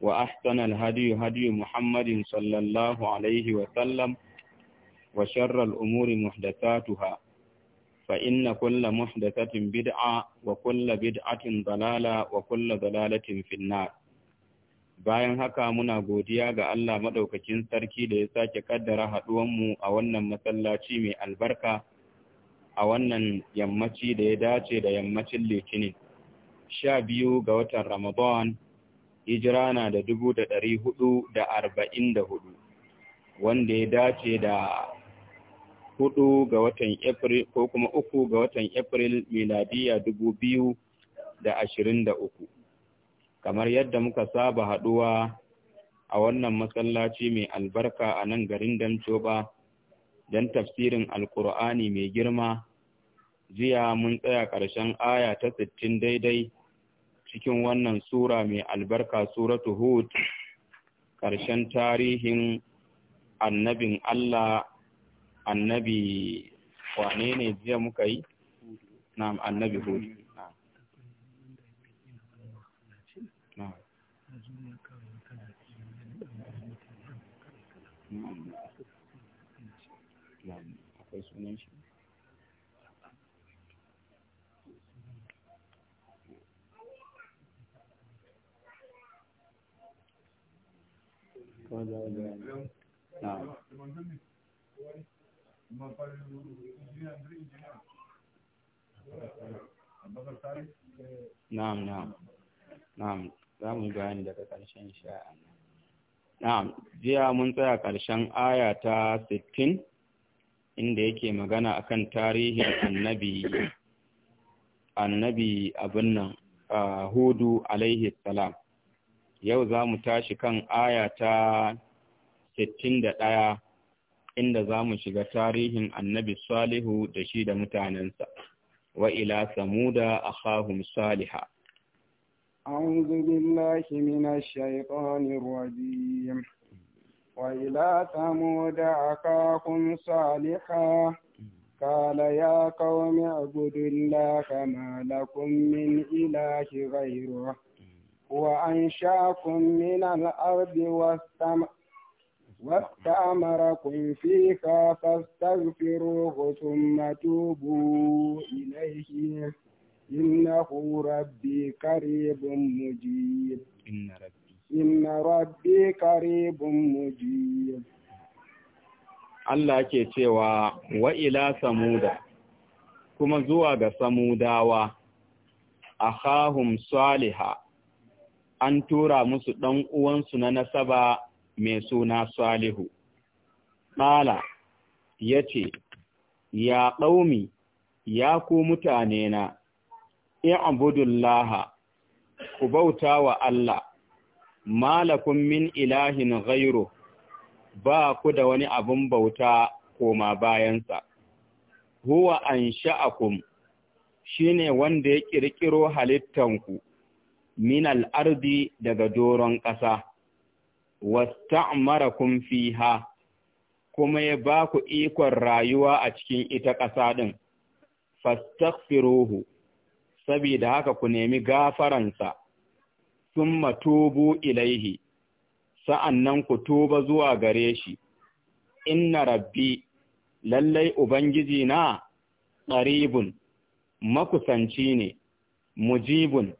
وأحسن الهدي هدي محمد صلى الله عليه وسلم وشر الأمور محدثاتها فإن كل محدثة بدعة وكل بدعة ضلالة وكل ضلالة في النار bayan haka muna godiya ga Allah madaukakin sarki da ya sake kaddara haɗuwanmu a wannan masallaci mai albarka a wannan yammaci da ya dace da yammacin litinin sha biyu ga watan ramadan hijira na da dubu da ɗari hudu da arba'in da hudu wanda ya dace da hudu ga watan april ko kuma uku ga watan april miladiya dubu biyu da ashirin da uku kamar yadda muka saba haduwa a wannan masallaci mai albarka a nan garin damcoba don tafsirin alkur'ani mai girma jiya mun tsaya ƙarshen aya ta sittin daidai cikin wannan sura mai albarka suratu hud ƙarshen tarihin annabin Allah annabi wane ne jiya muka yi? na annabi hud na'am na'am na'am za mu bayani daga ƙarshen sha'a na'am jiya mun tsaya ƙarshen aya ta 60 inda yake magana akan tarihin annabi annabi abin nan hudu alaihi salam yau za mu tashi kan aya ta ɗaya inda za mu shiga tarihin annabi salihu da shi da mutanensa wa ila samuda a kahun saliha an zubi lashi mina shaikonin wadi wa ila da a kahun saliha قال يا قوم اعبدوا الله كما لكم Ila إله غيره وأنشأكم من الأرض واستم... واستأمركم فيها فاستغفروه ثم توبوا إليه إنه ربي قريب مجيب إن ربي إن ربي قريب مجيب Allah ke cewa wa ila samuda kuma zuwa ga samudawa akhahum salihah an tura musu ɗan uwansu na nasaba mai suna Salihu. Ƙala ya ce, Ya ɗaumi, ya ku mutane na, Laha, ku bauta wa Allah, malakun min ilahin gairo, ba ku da wani abin bauta koma bayansa. Huwa an sha'akum shi ne wanda ya ƙirƙiro halittanku. min al'ardi daga doron ƙasa, fi ha. kuma ya ba ku ikon rayuwa a cikin ita ƙasa ɗin, fastafirohu saboda haka ku nemi gafaransa, sun matubu ilaihi, sa'an nan ku tuba zuwa gare shi, inna rabbi, lallai Ubangiji na, ƙaribun, makusanci ne, mujibun,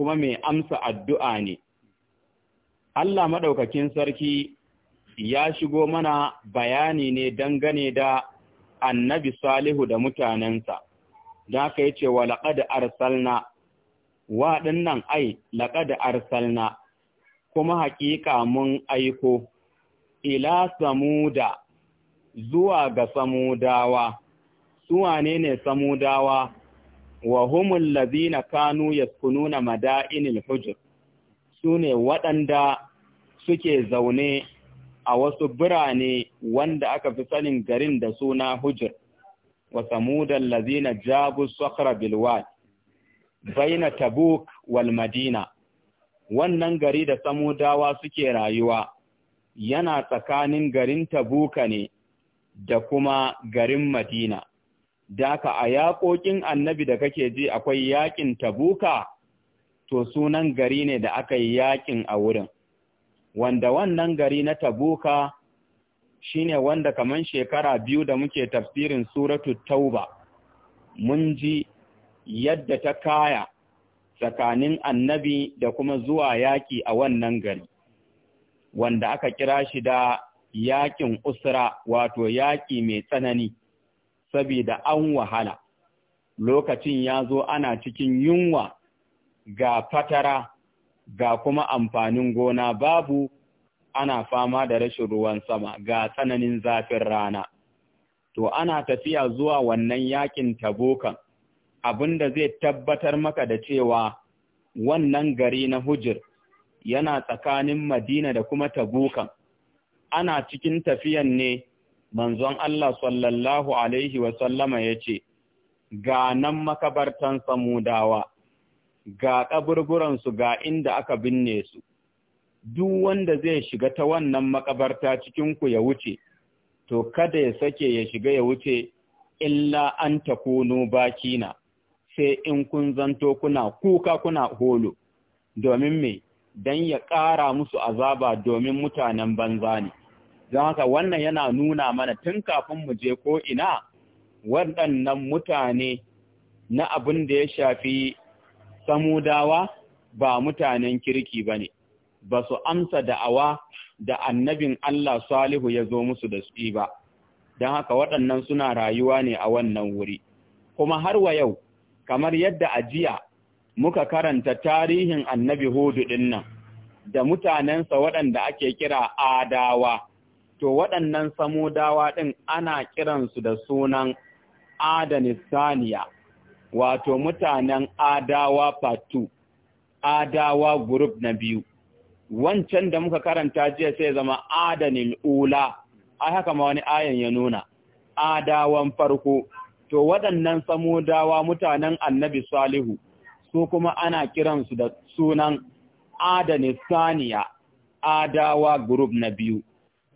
kuma mai amsa addu'a ne. Allah maɗaukakin sarki ya shigo mana bayani ne dangane da annabi Salihu da mutanensa, da aka yi cewa laƙada arsalna, waɗannan ai laƙada arsalna, kuma haƙiƙa mun aiko, ila samuda zuwa ga samudawa, Su ne samudawa wa humul ladina kanu yaskununa mada'inil hujr sune waɗanda suke zaune a wasu birane wanda aka fi sanin garin da suna hujr wa samudan Lazina jabu sakhra bil baina tabuk wal madina wannan gari da samudawa suke rayuwa yana tsakanin garin tabuka ne da kuma garin madina daka a yaƙoƙin annabi da kake ji akwai yaƙin tabuka to sunan gari ne da aka yi yaƙin a wurin wanda wannan gari na tabuka shine wanda kaman shekara biyu da muke tafsirin suratu tauba mun ji yadda ta kaya tsakanin annabi da kuma zuwa yaƙi a wannan gari wanda aka kira shi da yaƙin usra wato yaƙi mai tsanani saboda an wahala lokacin ya zo ana cikin yunwa ga fatara ga kuma amfanin gona babu ana fama da rashin ruwan sama ga tsananin zafin rana to ana tafiya zuwa wannan yakin tabokan abin da zai tabbatar maka da cewa wannan gari na hujir yana tsakanin madina da kuma tabokan, ana cikin tafiyan ne manzon Allah sallallahu Alaihi wasallama ya ce, Ga nan makabartan samudawa, ga su ga inda aka binne su, duk wanda zai shiga ta wannan makabarta cikinku ya wuce, to kada ya sake ya shiga ya wuce, illa an ta kuno bakina, sai in kun zanto kuna kuka kuna holo, domin me, don ya ƙara musu azaba domin mutanen banza ne. don haka wannan yana nuna mana tun kafin mu je ko ina waɗannan mutane na abin da ya shafi samudawa ba mutanen kirki ba ne, ba su amsa da'awa da annabin Allah Salihu ya zo musu da su ba, don haka waɗannan suna rayuwa ne a wannan wuri. Kuma har wa yau, kamar yadda a jiya muka karanta tarihin annabi Hudu ɗin nan, da mutanensa waɗanda ake kira Adawa, to waɗannan samudawa ɗin ana kiransu da sunan adanistaniya wato mutanen adawa fatu adawa group na biyu wancan da muka karanta jiya sai zama adanil ula ai haka ma wani ayan ya nuna adawan farko to waɗannan samudawa mutanen annabi salihu su kuma ana kiransu da sunan adanistaniya adawa group na biyu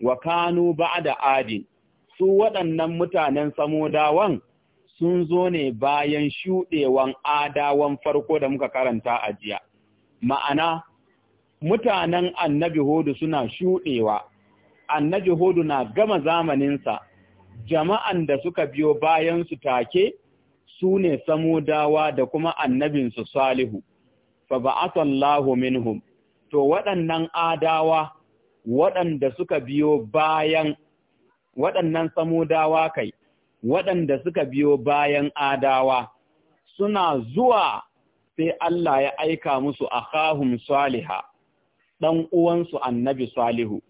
wa kanu ba'da adin su waɗannan mutanen samodawan sun zo ne bayan shuɗewan adawan farko da muka karanta a jiya ma'ana mutanen annabi hudu suna shuɗewa annabi hudu na gama zamaninsa jama'an da suka biyo bayan su take su ne samudawa da kuma annabinsu salihu fa ba'atallahu minhum to waɗannan adawa waɗanda suka biyo bayan waɗannan samudawa kai, waɗanda suka biyo bayan adawa, suna zuwa sai Allah ya aika musu a kahun saliha, ɗan uwansu annabi salihu,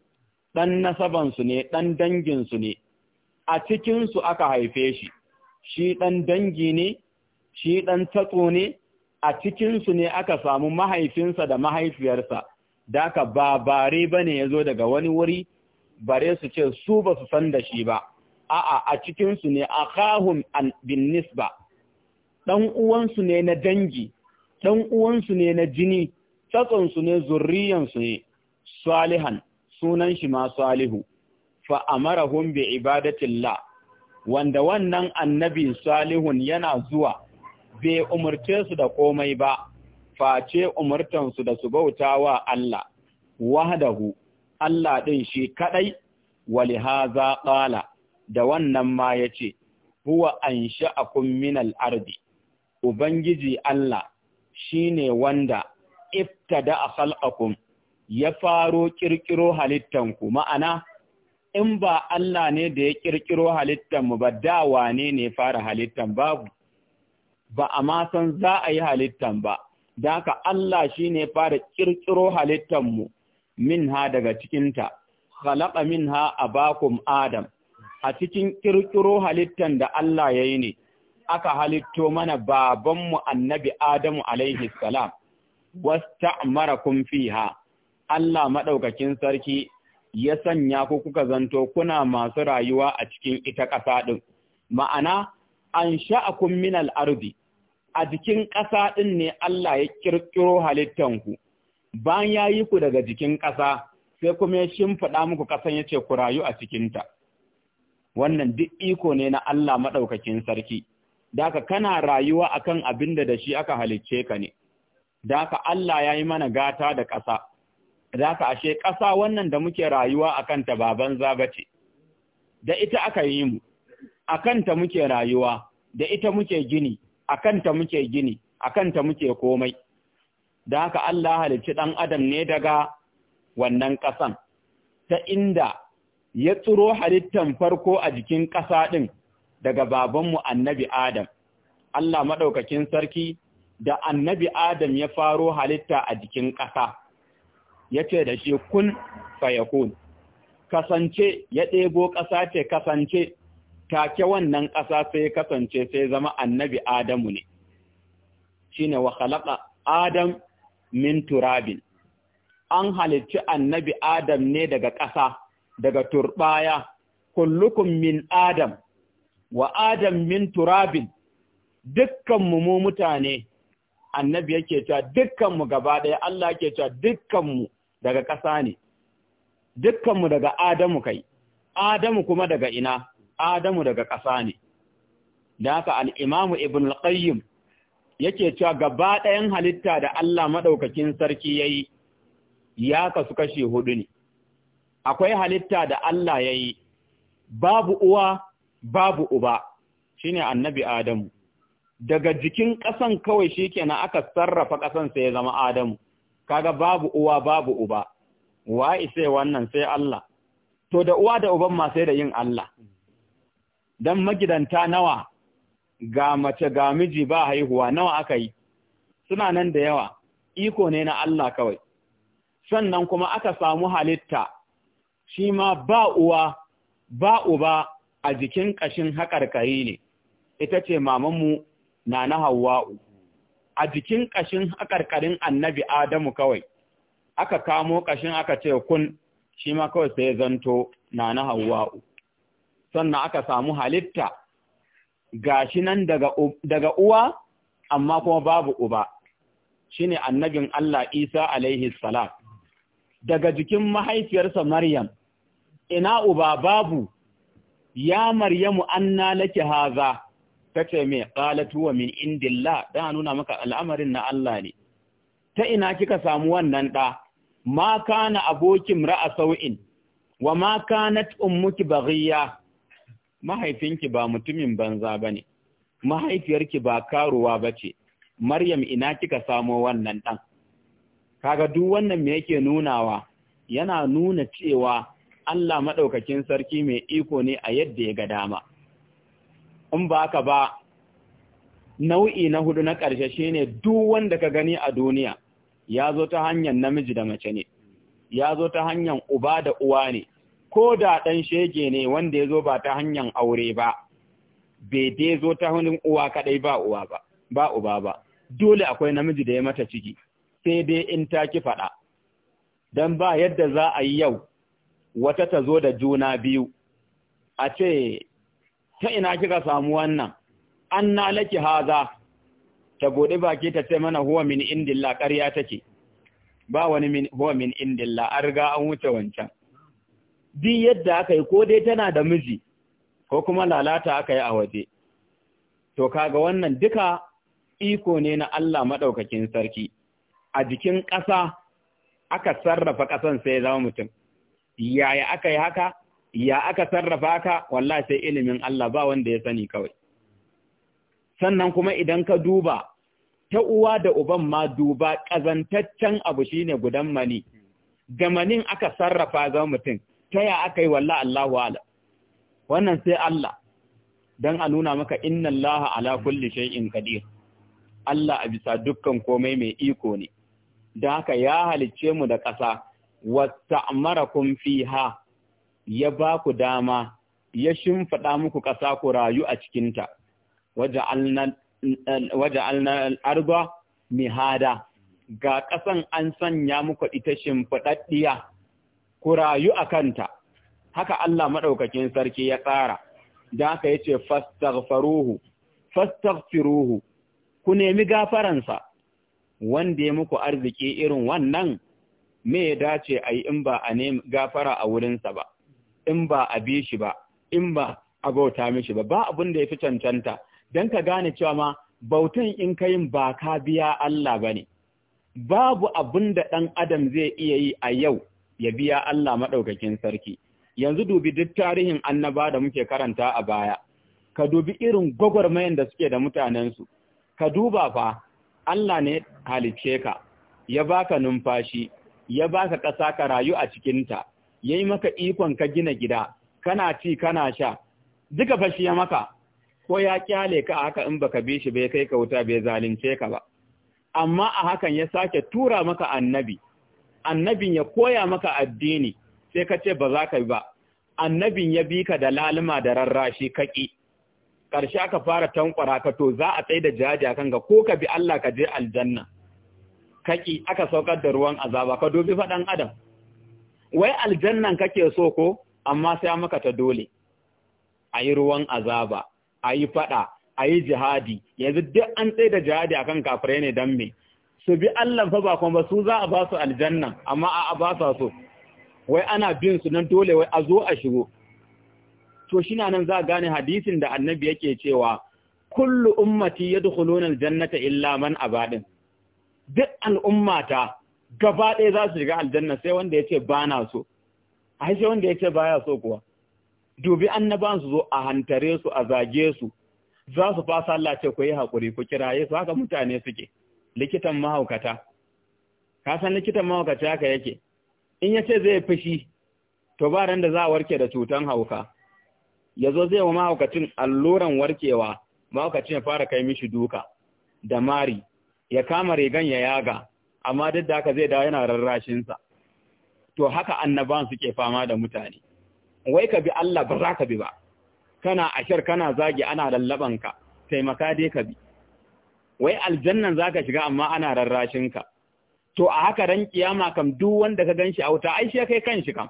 ɗan nasabansu ne, ɗan danginsu ne, a cikinsu aka haife shi, shi ɗan dangi ne, shi ɗan tatso ne, a cikinsu ne aka samu mahaifinsa da mahaifiyarsa. Daka ba bare ba ne ya zo daga wani wuri bare su ce su ba su san da shi ba a'a a cikinsu ne a kahun bin nisba ɗan uwansu ne na dangi ɗan uwansu ne na jini tsatsonsu ne zurriyansu ne salihan sunan shi ma salihu fa amarahum bi ibadatillah wanda wannan annabi salihun yana zuwa bai umurce su da komai ba face umartansu da su bauta wa Allah, wahdahu, Allah ɗin shi kaɗai, wali haza ƙala, da wannan ma ya ce, Huwa an sha'akun minal ardi, Ubangiji Allah shi ne wanda da a hal'akun ya faro ƙirƙiro halittanku, ma'ana, in ba Allah ne da ya ƙirƙiro halittanmu ba da wane ne fara halittan babu, ba a san za a yi halittan ba. daka Allah shi ne fara ƙirƙiro halittanmu min ha daga cikinta, khalaƙa min ha a bakum Adam, a cikin ƙirƙiro halittan da Allah ya yi ne, aka halitto mana babanmu annabi Adamu alaihi salam, wasta kumfi ha. Allah maɗaukakin sarki ya sanya ku kuka zanto kuna masu rayuwa a cikin ita ƙasa ɗin, ma'ana, an sha'akun min ardi a jikin ƙasa ɗin ne Allah ya ƙirƙiro halittanku, bayan ya yi ku daga jikin ƙasa, sai kuma ya shimfiɗa muku ƙasan ya ce ku rayu a cikinta. Wannan duk iko ne na Allah maɗaukakin sarki, daka kana rayuwa akan abin da da shi aka halicce ka ne, daka Allah ya yi mana gata da ƙasa, daka ashe ƙasa wannan da muke rayuwa a kanta baban zaba da ita aka yi mu, a kanta muke rayuwa, da ita muke gini, a kanta muke gini a kanta muke komai da haka Allah halicci ɗan adam ne daga wannan ƙasan ta inda ya tsiro halittan farko a jikin ƙasa ɗin daga babanmu annabi Adam. Allah maɗaukakin sarki da annabi Adam ya faro halitta a jikin ƙasa, ya ce da shi kun fayakun, kasance ya ɗebo ƙasa ce kasance, take wannan ƙasa sai kasance sai zama annabi Adamu ne, shi ne wa khalaqa Adam min turabin, an halicci annabi Adam ne daga ƙasa, daga turɓaya, kullukum min Adam, wa Adam min turabin, dukkanmu mu mutane, annabi yake cewa dukkanmu gaba ɗaya, Allah yake cewa dukkanmu daga ƙasa ne, dukkanmu daga Adamu kai, Adamu kuma daga ina. Adamu daga ƙasa ne. Da haka al'imamu Ibn al’ayyim yake cewa gaba ɗayan halitta da Allah maɗaukakin sarki ya yi, ya kasu kashe hudu ne. Akwai halitta da Allah ya yi, babu uwa, babu uba, shi ne annabi Adamu. Daga jikin ƙasan kawai shi kenan aka sarrafa ƙasansa ya zama Adamu, kaga babu uwa, babu uba. Wa isai wannan sai Allah. To da uwa da uban ma sai da yin Allah. don magidanta nawa ga mace ga miji ba haihuwa nawa aka yi suna nan da yawa iko ne na Allah kawai sannan kuma aka samu halitta shi ma ba uwa ba uba a jikin ƙashin haƙarƙari ne ita ce mamanmu na na hawa a jikin ƙashin haƙarƙarin annabi adamu kawai aka kamo ƙashin aka ce kun shi ma kawai sai zanto na na hawa'u sannan aka samu halitta gashi nan daga uwa amma kuma babu uba shine annabin Allah Isa alaihi salam daga jikin mahaifiyarsa Maryam ina uba babu ya Maryamu anna laki haza tace me qalatu wa min indillah dan nuna maka al'amarin na Allah ne ta ina kika samu wannan ɗa? ma kana abokin ra'asauin. sau'in wa ma kanat ummuki baghiya mahaifinki ba mutumin banza ba ne, mahaifiyarki ba karuwa ba ce, Maryam ina kika samo wannan ɗan. Kaga duk wannan me yake nunawa, yana nuna cewa Allah maɗaukakin sarki mai iko ne a yadda ya ga dama. In ba ka ba, nau'i na hudu na ƙarshe ne duk wanda ka gani a duniya, ya zo ta hanyar namiji da mace ne, ya zo ta hanyar uba da uwa ne, ko da ɗan shege ne wanda ya zo ba ta hanyar aure ba, bai dai zo ta hannun uwa kaɗai ba uwa ba, ba uba ba, dole akwai namiji da ya mata ciki, sai dai in ta ki faɗa. Don ba yadda za a yi yau, wata ta zo da juna biyu, a ce, ta ina kika samu wannan, an na laki haza, ta goɗi baki ta ce mana huwa min indilla ƙarya take, ba wani huwa min indilla, an riga an wuce wancan. duk yadda aka yi ko dai tana da miji ko kuma lalata aka yi a waje to kaga wannan duka iko ne na Allah maɗaukakin sarki a jikin ƙasa aka sarrafa ƙasan sai zama mutum yaya aka yi haka ya aka sarrafa haka wallahi sai ilimin Allah ba wanda ya sani kawai sannan kuma idan ka duba ta uwa da uban ma duba ƙazantaccen abu shine gudan mani da manin aka sarrafa zama mutum ta ya aka yi walla Allahu ala wannan sai Allah don a nuna maka inna Allah ala kulli shay'in qadir Allah a bisa dukkan komai mai iko ne da haka ya halicce mu da ƙasa wasta'marakum ha! ya ba ku dama ya shimfiɗa muku ƙasa ku rayu a cikinta waja'alna al-arda mihada ga ƙasan an sanya muku ita shimfiɗaɗɗiya ku rayu a kanta, haka Allah maɗaukakin sarki ya tsara, da aka yi ce Fastagfaruhu, Fastagfiruhu, ku nemi gafaransa, wanda ya muku arziki irin wannan me ya dace a yi in ba a nemi gafara a wurinsa ba, in ba a bi shi ba, in ba a bauta mishi ba, ba abin da ya fi cancanta, don ka gane cewa ma bautan in ka yin ba ka biya Allah ba ne. Babu abin da ɗan Adam zai iya yi a yau ya biya Allah maɗaukakin sarki. Yanzu dubi duk tarihin annaba da muke karanta a baya, ka dubi irin gwagwarmayan da suke da mutanensu, ka duba fa Allah ne halicce ka, ya baka numfashi, ya baka ƙasa ka rayu a cikinta, ya yi maka ikon ka gina gida, kana ci kana sha, duka fashi ya maka, ko ya kyale ka haka in baka bi shi bai kai ka wuta bai zalunce ka ba. Amma a hakan ya sake tura maka annabi, annabin ya koya maka addini sai ka ce ba za ka yi ba annabin ya bi ka da lalima da rarrashi kaƙi. ƙarshe aka fara tankwara ka to za a tsaye da a kan ga ko ka bi Allah ka je aljanna Kaƙi aka saukar da ruwan azaba ka dubi faɗan adam wai aljannan kake so ko amma sai maka ta dole a yi ruwan azaba a yi faɗa a yi jihadi yanzu duk an tsaye da jihadi a kan kafirai ne don me su bi Allah fa ba kuma su za a ba su aljanna amma a ba su so wai ana bin su nan dole wai a zo a shigo to shi nan za gane hadisin da annabi yake cewa kullu ummati yadkhuluna aljannata illa man abadin duk al'ummata gaba ɗaya za su shiga aljanna sai wanda yace ba na so ai sai wanda yace baya so kuwa dubi annaban su zo a hantare su a zage su za su fasa Allah ce ku yi hakuri ku kiraye su haka mutane suke likitan mahaukata ka san likitan mahaukata haka yake in ya ce zai fushi to ba ran da za a warke da cutan hauka ya zo zai wa mahaukacin alluran warkewa mahaukacin ya fara kai mishi duka da mari ya kama rigan ya yaga amma duk da haka zai dawo yana rarrashinsa to haka annaban suke fama da mutane wai ka bi Allah ba za ka bi ba kana ashar kana zagi ana lallabanka taimaka dai ka bi wai aljannan za ka shiga amma ana rarrashin ka to a haka ran kiyama kam duk wanda ka gan shi a wuta ai shi kai kanshi kam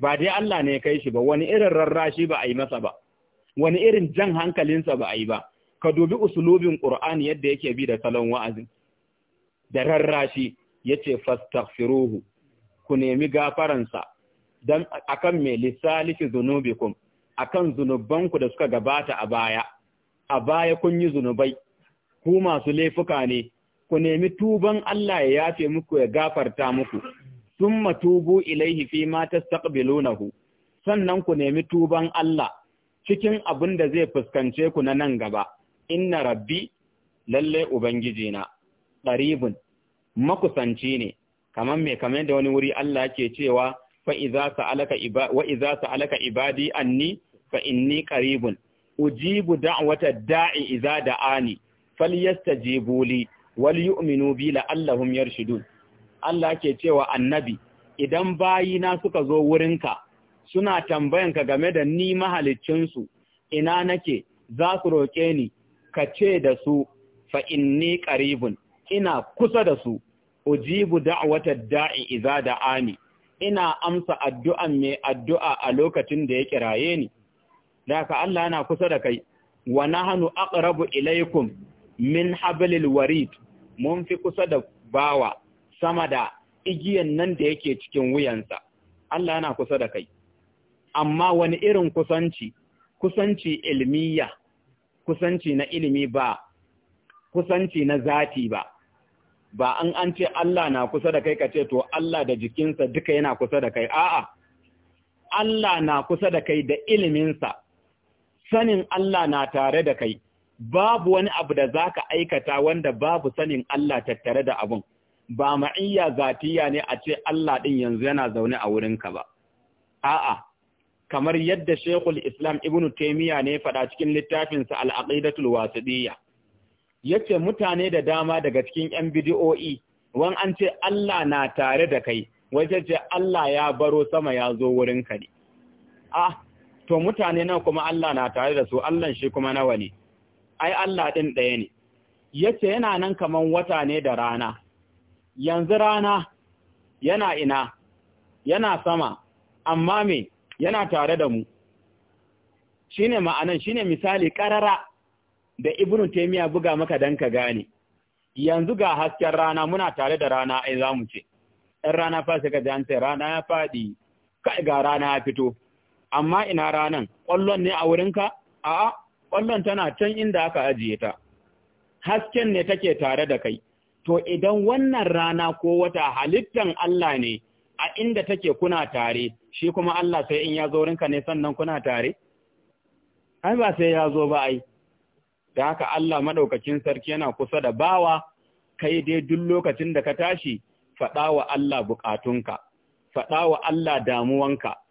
ba dai Allah ne ya kai shi ba wani irin rarrashi ba a yi masa ba wani irin jan hankalinsa ba a yi ba ka dubi usulubin Ƙur'an yadda yake bi da salon wa'azi da rarrashi yace fastaghfiruhu ku nemi gafaransa dan akan me zunubi zunubikum akan zunubanku da suka gabata a baya a baya kun yi zunubai ku masu laifuka ne, ku nemi tuban Allah ya yafe muku ya gafarta muku, sun matubu ilaihi fi mata staƙbilunahu, sannan ku nemi tuban Allah cikin abin da zai fuskance ku na nan gaba, inna rabbi lalle na. ɗaribin, makusanci ne, kamar mai kamar da wani wuri Allah ke cewa, wa iza sa'alaka ibadi anni fa inni ƙaribin, ujibu da'wata da'i iza da'ani falyastajibu wal yu'minu bi la'allahum yarshudun Allah ke cewa annabi idan bayina suka zo wurinka suna tambayanka game da ni su ina nake za su roke ni ka ce da su fa inni qaribun ina kusa da su ujibu da'wata da'i idza da'ani ina amsa addu'an mai addu'a a lokacin da ya kiraye ni da ka Allah yana kusa da kai wa nahnu aqrabu ilaykum min habalil warid mun fi kusa da bawa sama da igiyan nan da yake cikin wuyansa Allah yana kusa da kai amma wani irin kusanci kusanci ilmiya kusanci na ilimi ba kusanci na zati ba ba an an ce Allah na kusa da kai ka ce to Allah da jikinsa duka yana kusa da kai a'a Allah na kusa da kai da iliminsa sanin Allah na tare da kai babu wani abu da zaka aikata wanda babu sanin Allah tattare da abun ba ma'iyya zatiya ne a ce Allah ɗin yanzu yana zaune a wurinka ba a'a kamar yadda Sheikhul Islam Ibn Taymiyyah ne faɗa cikin littafinsa Al-Aqidatul Wasidiyya yace mutane da dama daga cikin ƴan bidiyo'i, wan an ce Allah na tare da kai wace ce Allah ya baro sama ya zo wurinka ne A'a, to mutane nan kuma Allah na tare da su Allah shi kuma nawa ne ai Allah ɗin ɗaya ne, yace yana nan kaman wata ne da rana, yanzu rana yana ina, yana sama, amma me yana tare da mu. Shi ma'anan, shine misali ƙarara da Ibn Taimiyya buga maka dan ka gane, yanzu ga hasken rana muna tare da rana ai za mu ce, ‘yan rana fa suka ji an rana ya faɗi, kai ga rana ya fito, amma ina ranan, ƙwallon ne a wurinka? A'a, ƙwallon tana can inda aka ajiye ta, hasken ne take tare da kai, to idan wannan rana ko wata halittan Allah ne a inda take kuna tare, shi kuma Allah sai in ya zo rinka ne sannan kuna tare? Ai, ba sai ya zo ba ai, da haka Allah maɗaukacin sarki yana kusa da bawa, kai dai duk lokacin da ka tashi, faɗa wa Allah bukatunka faɗa wa Allah damuwanka.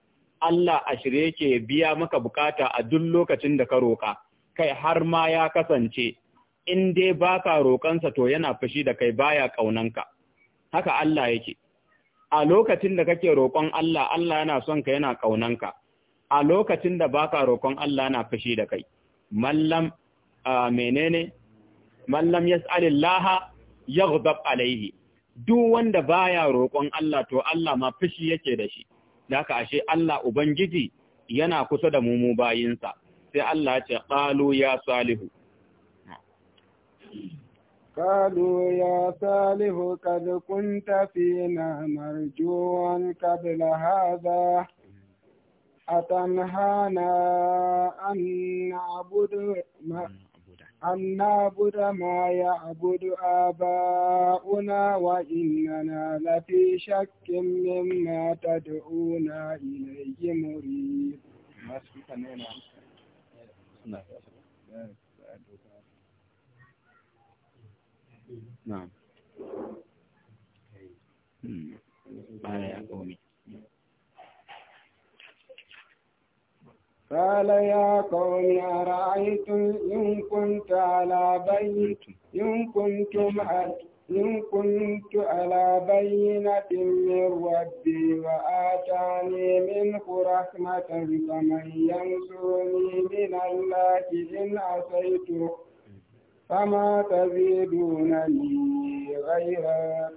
Allah a shirye yake biya maka bukata a duk lokacin da ka roƙa, kai har ma ya kasance, in dai ba ka roƙansa to yana fushi da kai baya ƙaunanka, haka Allah yake. A lokacin da kake roƙon Allah, Allah yana son ka yana ƙaunanka, a lokacin da ba ka roƙon Allah yana fushi da kai. Mallam menene? Mallam yas'alillaha yaghdab alaihi. Duk wanda baya roƙon Allah to Allah ma fushi yake da shi. da haka ashe Allah Ubangiji yana kusa da mumu bayinsa, sai Allah ce ƙalu ya salihu. Ƙalu ya salihu kad kunta fina marjuwan kabila haza, a an anna buda maya ya abudu aba una wa inna na lafi shakkin min na tada una muri قال يا قوم أرأيتم إن كنت على بيت إن كنتم إن كنت على بينة من ربي وآتاني منه رحمة فمن ينصرني من الله إن عصيته فما تزيدونني غير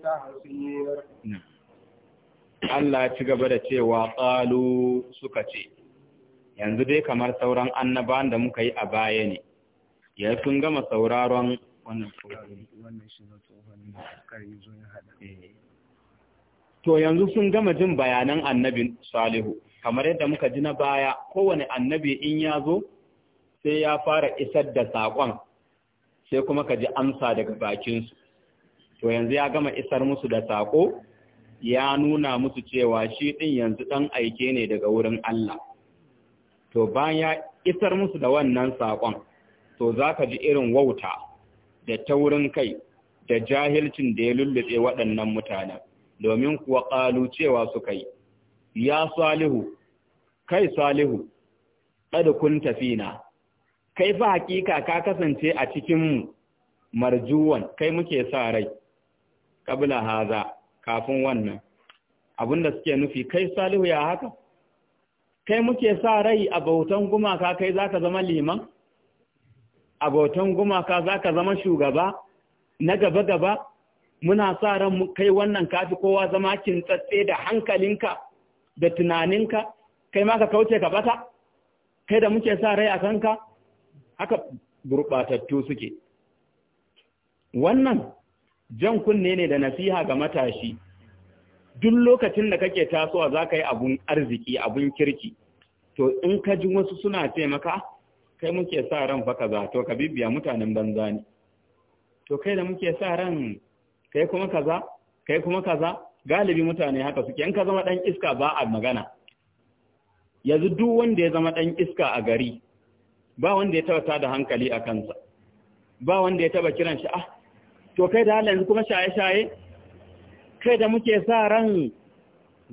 تحصير الله تقبل تي وقالوا سكتي yanzu dai kamar sauran annabawan da muka yi a baya ne ya sun gama sauraron wannan eh. to yanzu sun gama jin bayanan annabin salihu kamar yadda muka ji na baya kowane annabi in ya zo sai ya fara isar da sakon, sai kuma ka ji amsa daga bakinsu to yanzu ya gama isar musu da sako, ya nuna musu cewa shi ɗin yanzu ɗan aike ne daga wurin Allah to bayan ya isar musu da wannan saƙon to za ka ji irin wauta da taurin kai da jahilcin da ya lullube waɗannan mutanen domin kuwa ƙalu cewa suka yi ya salihu kai salihu ƙada kun tafina kai fa hakika ka kasance a cikinmu marjuwan kai muke sa rai ƙabla haza kafin wannan abinda suke nufi kai salihu ya haka kai muke sa rai a bautan gumaka kai za ka zama liman a bautan gumaka za ka zama shugaba na gaba-gaba muna sa ran kai wannan kafi kowa zama kintsatse da hankalinka da tunaninka kai ma ka kauce ka bata kai da muke sa rai a kanka haka gurɓatattu suke wannan jan kunne ne da nasiha ga matashi duk lokacin da kake tasowa za ka yi abun arziki abun kirki to in ka ji wasu suna ce maka kai muke sa ran fa kaza to ka bibiya mutanen banza ne to kai da muke sa ran kai kuma kaza kai kuma kaza galibi mutane haka suke in ka zama dan iska ba a magana yanzu duk wanda ya zama dan iska a gari ba wanda ya taba da hankali a kansa ba wanda ya taba kiran shi ah to kai da halin kuma shaye-shaye kai da muke sa ran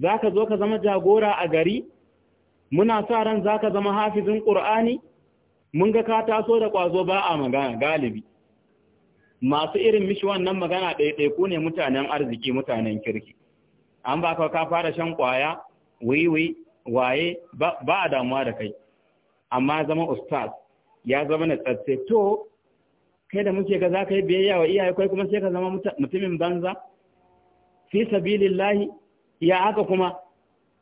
za ka zo ka zama jagora a gari muna sa ran za ka zama hafizin ƙur'ani mun ga ka taso da ƙwazo ba a magana galibi masu irin mishi wannan magana ku ne mutanen arziki mutanen kirki an ba ka fara shan ƙwaya wiwi waye ba a damuwa da kai amma zama ustaz ya zama na tsatse to kai da muke ga za ka yi biyayya wa iyaye kai kuma sai ka zama mutumin banza fi sabilillahi ya aka kuma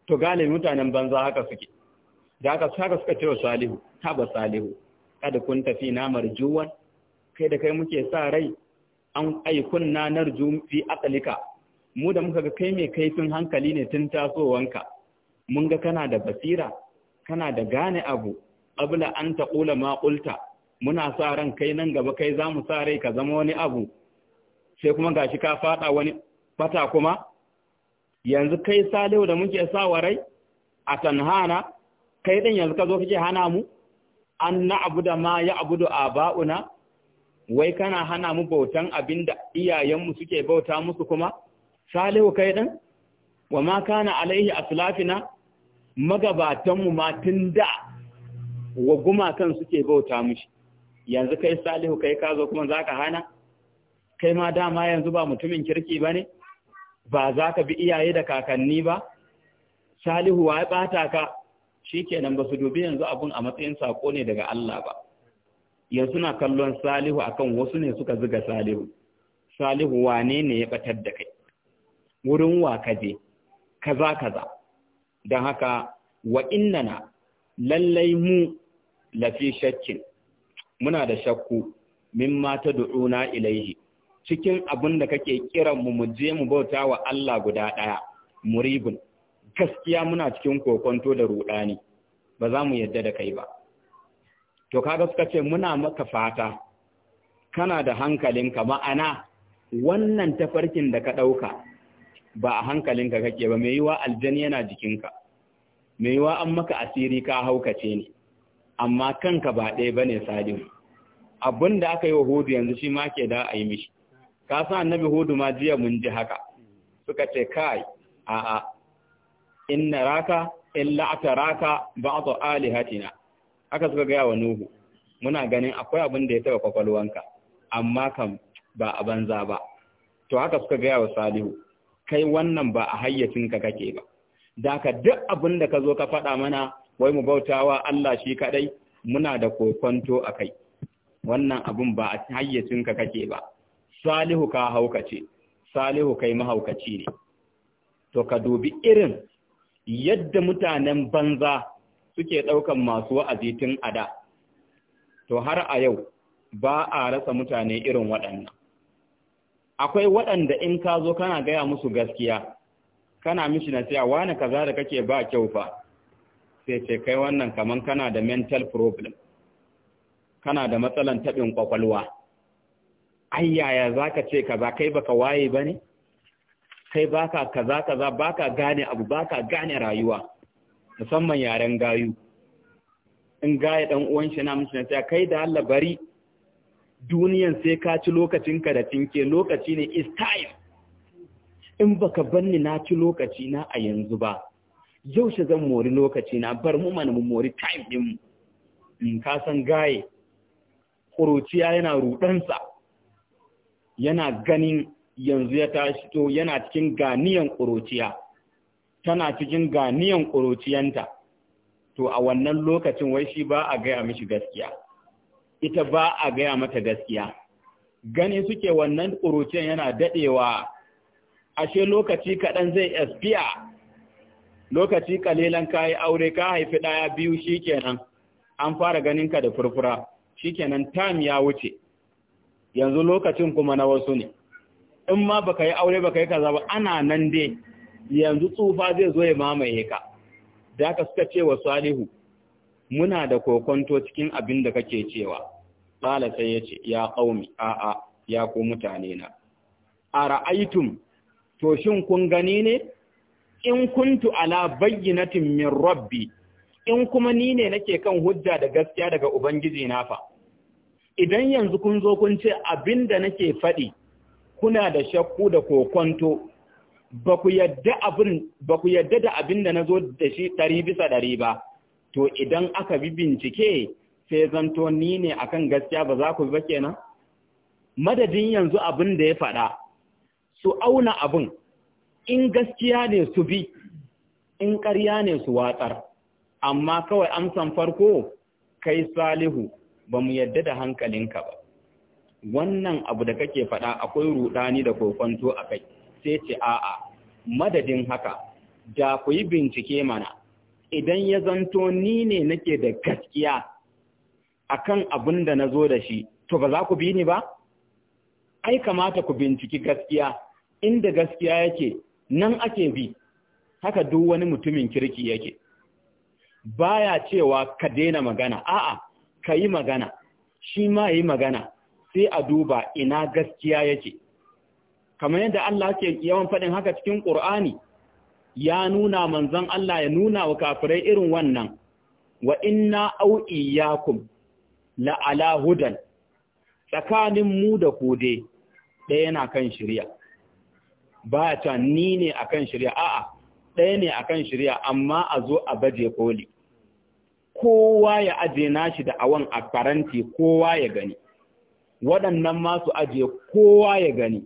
to galibi mutanen banza haka suke da haka saka suka cewa salihu ba salihu kada kun tafi na marjuwan kai da kai muke sa rai an aikun na narju fi aqlika mu da muka ga kai mai kaifin hankali ne tun tasowanka mun ga kana da basira kana da gane abu abla an kula ma kulta muna sa ran kai nan gaba kai zamu sa rai ka zama wani abu sai kuma gashi ka fada wani fata kuma yanzu kai salihu da muke sawa rai a tanhana kai din yanzu ka zo kake hana mu an na'budu ma a bauna. wai kana hana mu bautan abinda iyayenmu suke bauta musu kuma salihu kai din wa ma kana alaihi aslafina magabatanmu ma tun da wa gumakan suke bauta mushi yanzu kai salihu kai ka zo kuma zaka hana kai ma dama yanzu ba mutumin kirki bane ba za ka bi iyaye da kakanni ba salihu wa ya bata ka Shi kenan ba su dubi yanzu abun a matsayin sako ne daga Allah ba yanzu suna kallon salihu akan wasu ne suka zuga salihu salihu wane ne ya batar da kai wurin wa ka je kaza kaza don haka wa innana lallai mu lafi shakkin muna da shakku ma ta du'una ilaihi cikin abin da kake kiran mu mu je mu bauta wa Allah guda ɗaya muribun gaskiya muna cikin kokonto da rudani. ba za mu yadda da kai ba to kaga suka ce muna maka fata kana da hankalinka ma'ana wannan tafarkin da ka ɗauka ba a hankalinka kake ba mai yiwa aljani yana jikin ka mai yiwa an maka asiri ka haukace ne amma kanka ba ɗaya ba ne sadin abin da aka yi wa hudu yanzu shi ma ke da ayi mishi ka san annabi hudu ma jiya mun ji haka suka ce kai a'a inna raka illa ataraka ba'd alihatina aka suka ga wa nuhu muna ganin akwai abin da ya taba kwakwalwanka amma kam ba a banza ba to haka suka ga wa salihu kai wannan ba a hayyacinka kake ba da ka duk abin da ka zo ka faɗa mana wai mu bautawa Allah shi kadai muna da kokonto akai wannan abin ba a hayyacinka kake ba salihu ka haukace salihu kai mahaukaci ne to ka dubi irin yadda mutanen banza suke ɗaukan masu wa'azi tun a to har a yau ba a rasa mutane irin waɗannan akwai waɗanda in ka zo kana gaya musu gaskiya kana mishi nasiya wani kaza da kake ba kyau fa sai ce kai wannan kaman kana da mental problem kana da matsalan taɓin kwakwalwa ai yaya ka ce kaza kai baka waye ba ne? kai ka kaza kaza baka gane abu baka gane rayuwa musamman yaren gayu in gaya dan uwan shi na mishi sai kai da Allah bari duniyan sai ka ci lokacin ka da tinke lokaci ne is time in baka banni na ci lokaci na a yanzu ba yau shi zan mori lokaci na bar mu mana mu mori time din mu in ka san gaye kuruciya yana rudansa yana ganin yanzu ya tashi to yana cikin ganiyan ƙuruciya tana cikin ganiyan ƙuruciyanta to a wannan lokacin wai shi ba a gaya mishi gaskiya ita ba a gaya mata gaskiya gani suke wannan ƙuruciyan yana daɗewa ashe lokaci kaɗan zai espiya lokaci kalilan ka yi aure ka haifi ɗaya biyu shikenan an fara ganinka da furfura shikenan time ya wuce yanzu lokacin kuma na wasu ne in ma baka yi aure baka yi kaza ba ana nan dai yanzu tsufa zai zo ya mamaye ka da aka suka ce wa salihu muna da kokonto cikin abin da kake cewa tsala sai ya ce ya ƙaumi a a ya ku mutane na ra'aitun, to shin kun gani ne in kuntu ala bayyinatin min rabbi in kuma ni ne nake kan hujja da gaskiya daga ubangiji na fa idan yanzu kun zo kun ce abin da nake faɗi kuna da shakku da kokonto ba ku yadda da abin da na zo da shi ɗari bisa ɗari ba to idan aka bi bincike sai zanto ni ne akan gaskiya ba za ku ba kenan madadin yanzu abin da ya faɗa su auna abin in gaskiya ne su bi in ƙarya ne su watsar amma kawai amsan farko kai salihu ba mu yadda da hankalinka ba wannan abu da kake faɗa akwai rudani da kokonto a kai sai ce a'a madadin haka da ku yi bincike mana idan ya zanto ni ne nake da gaskiya a kan abin da na zo da shi to ba za ku bi ni ba ai kamata ku binciki gaskiya inda gaskiya yake nan ake bi haka duk wani mutumin kirki yake baya cewa ka daina magana a'a ka yi magana shi ma yi magana sai a duba ina gaskiya yake kamar yadda Allah ke yawan faɗin haka cikin Ƙur'ani ya nuna manzan Allah ya nuna wa kafirai irin wannan wa inna au’i ya kum la'ala hudan tsakanin mu da kude ɗaya na kan shirya ba ta ni ne akan shirya a'a ɗaya ne akan shirya amma a zo a baje koli kowa ya aje nashi da awon a faranti kowa ya gani waɗannan masu aje kowa ya gani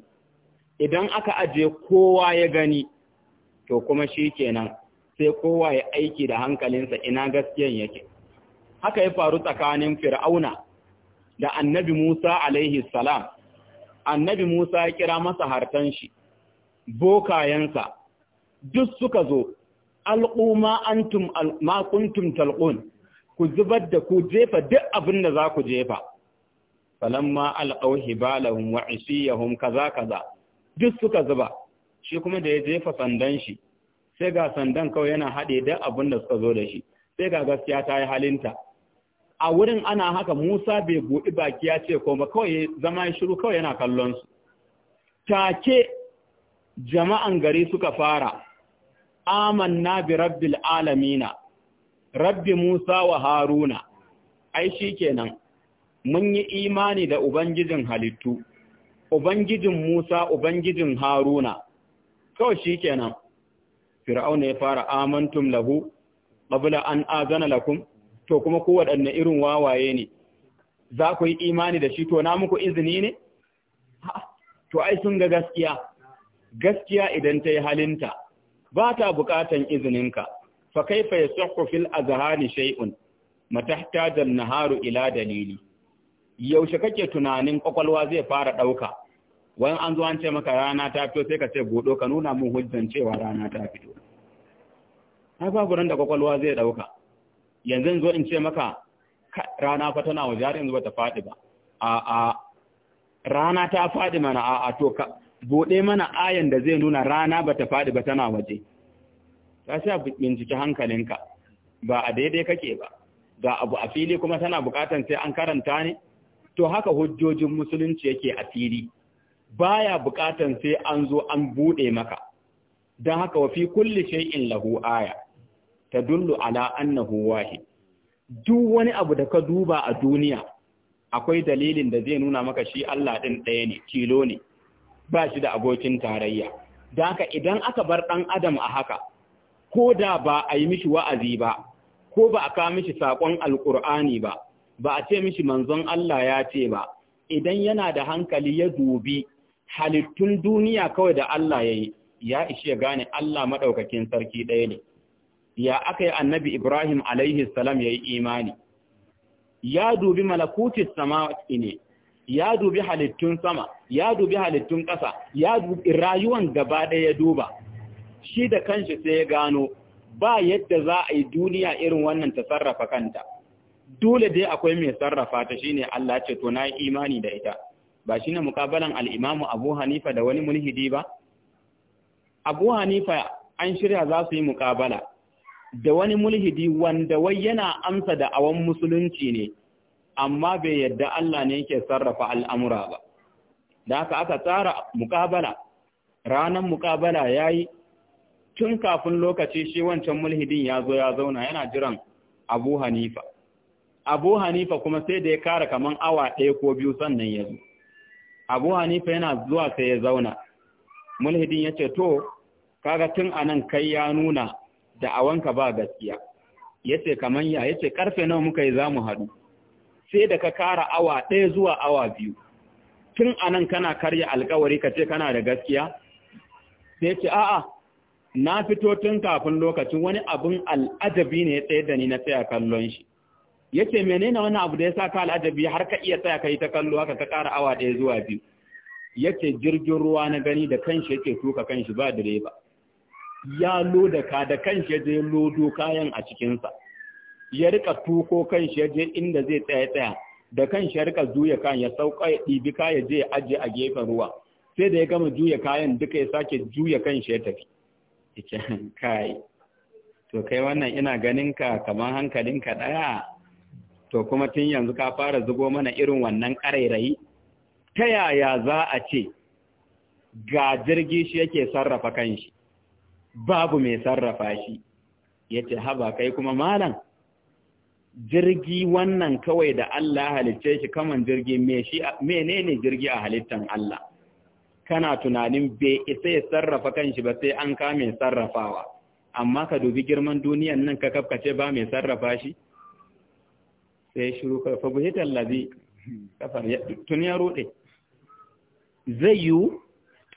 idan aka aje kowa ya gani to kuma shi kenan sai kowa ya aiki da hankalinsa ina gaskiyan yake haka ya faru tsakanin fir'auna da annabi Musa alaihi salam annabi Musa ya kira masa hartan shi bokayensa duk suka zo alquma antum ma kuntum talqun ku zubar da ku jefa duk abin da za ku jefa falamma alqaw hibalahum wa isiyahum kaza kaza duk suka zuba shi kuma da ya jefa sandan shi sai ga sandan kawai yana haɗe duk abin da suka zo da shi sai ga gaskiya ta yi halinta a wurin ana haka Musa bai buɗi baki ya ce koma kawai zama ya shiru kawai yana kallon su take jama'an gari suka fara amanna bi rabbil alamina rabbi Musa wa Haruna, ai shi kenan, mun yi imani da Ubangijin halittu, Ubangijin Musa, Ubangijin Haruna, kawai shi kenan. Fir'auna ya fara amantum lahu, ƙabula an azana lakum, to kuma kowaɗanne irin wawaye ne, za ku yi imani da shi to na muku izini ne? To ai sun ga gaskiya, gaskiya idan ta yi halinta, ba ta buƙatan izininka. fa kaifa yasahhu fil azhani shay'un matahtaja an-naharu ila dalili yaushe kake tunanin kwakwalwa zai fara dauka wani an zo an ce maka rana ta fito sai ka ce godo ka nuna mun hujjan cewa rana ta fito ai babu ran da kwakwalwa zai dauka yanzu zo in ce maka rana fa tana waje har yanzu bata faɗi ba a rana ta faɗi mana a to ka bude mana ayan da zai nuna rana bata faɗi ba tana waje ta sai binciki hankalinka ba a daidai kake ba ga abu a fili kuma tana bukatan sai an karanta ne to haka hujjojin musulunci yake a fili baya bukatan sai an zo an bude maka don haka wa fi kulli shay'in lahu aya tadullu ala annahu wahid duk wani abu da ka duba a duniya akwai dalilin da zai nuna maka shi Allah din ɗaya ne tilo ne ba shi da abokin tarayya dan haka idan aka bar ɗan adam a haka ko da ba a yi mishi wa'azi ba ko ba a kawo mishi saƙon alƙur'ani ba ba a ce mishi manzon Allah ya ce ba idan yana da hankali ya dubi halittun duniya kawai da Allah ya yi ya ishe gane Allah maɗaukakin sarki ɗaya ne ya aka yi annabi Ibrahim alaihi salam ya yi imani ya dubi malakutis sama ne ya dubi halittun sama ya dubi halittun ƙasa ya dubi rayuwan gaba ɗaya duba shi da kanshi sai ya gano ba yadda za a yi duniya irin wannan ta sarrafa kanta dole dai akwai mai sarrafa ta shine Allah ce to na imani da ita ba shine mukabalan al-Imam Abu Hanifa da wani mulhidi ba Abu Hanifa an shirya za su yi mukabala da wani mulhidi wanda wai yana amsa da awan musulunci ne amma bai yadda Allah ne yake sarrafa al'amura ba da haka aka tsara mukabala ranan mukabala yayi tun kafin lokaci shi wancan mulhidin ya zo ya zauna yana jiran Abu Hanifa. Abu Hanifa kuma sai da ya kara kaman awa ɗaya ko biyu sannan ya zo. Abu Hanifa yana zuwa sai ya zauna. Mulhidin ya ce, To, kaga tun a kai ya nuna da awanka ba gaskiya. Ya ce, Kaman ya, ya ce, karfe nawa muka yi za mu haɗu. Sai da ka kara awa ɗaya zuwa awa biyu. Tun anan kana karya alkawari kace kana da gaskiya? Sai ce, A'a, na fito tun kafin lokacin wani abin al'ajabi ne ya tsaye da ni na tsaya kallon shi yace menene wani abu da ya sa ka al'ajabi har ka iya tsaya ka ta kallo haka ka ƙara awa ɗaya zuwa biyu ya jirgin ruwa na gani da kanshi yake tuka kanshi ba direba ya loda ka da kanshi ya je lodo kayan a cikinsa ya rika tuko kanshi ya je inda zai tsaya tsaya da kanshi ya rika juya kan ya sauka ya ɗibi kaya je ya aje a gefen ruwa sai da ya gama juya kayan duka ya sake juya kanshi ya tafi ita kai to kai wannan ina ganin ka kamar hankalinka ɗaya to kuma tun yanzu ka fara zugo mana irin wannan ƙarairayi ta yaya za a ce ga jirgi shi yake sarrafa kanshi babu mai sarrafa shi ya ce haba kai kuma malam jirgi wannan kawai da Allah halicce shi kaman jirgi menene jirgi a halittan Allah kana tunanin bai isa ya sarrafa kanshi ba sai an kame sarrafawa amma ka dubi girman duniyan nan ka kafkace ba mai sarrafa shi sai shiru ka fa buhitar allazi kafar tun ya rode zai yiwu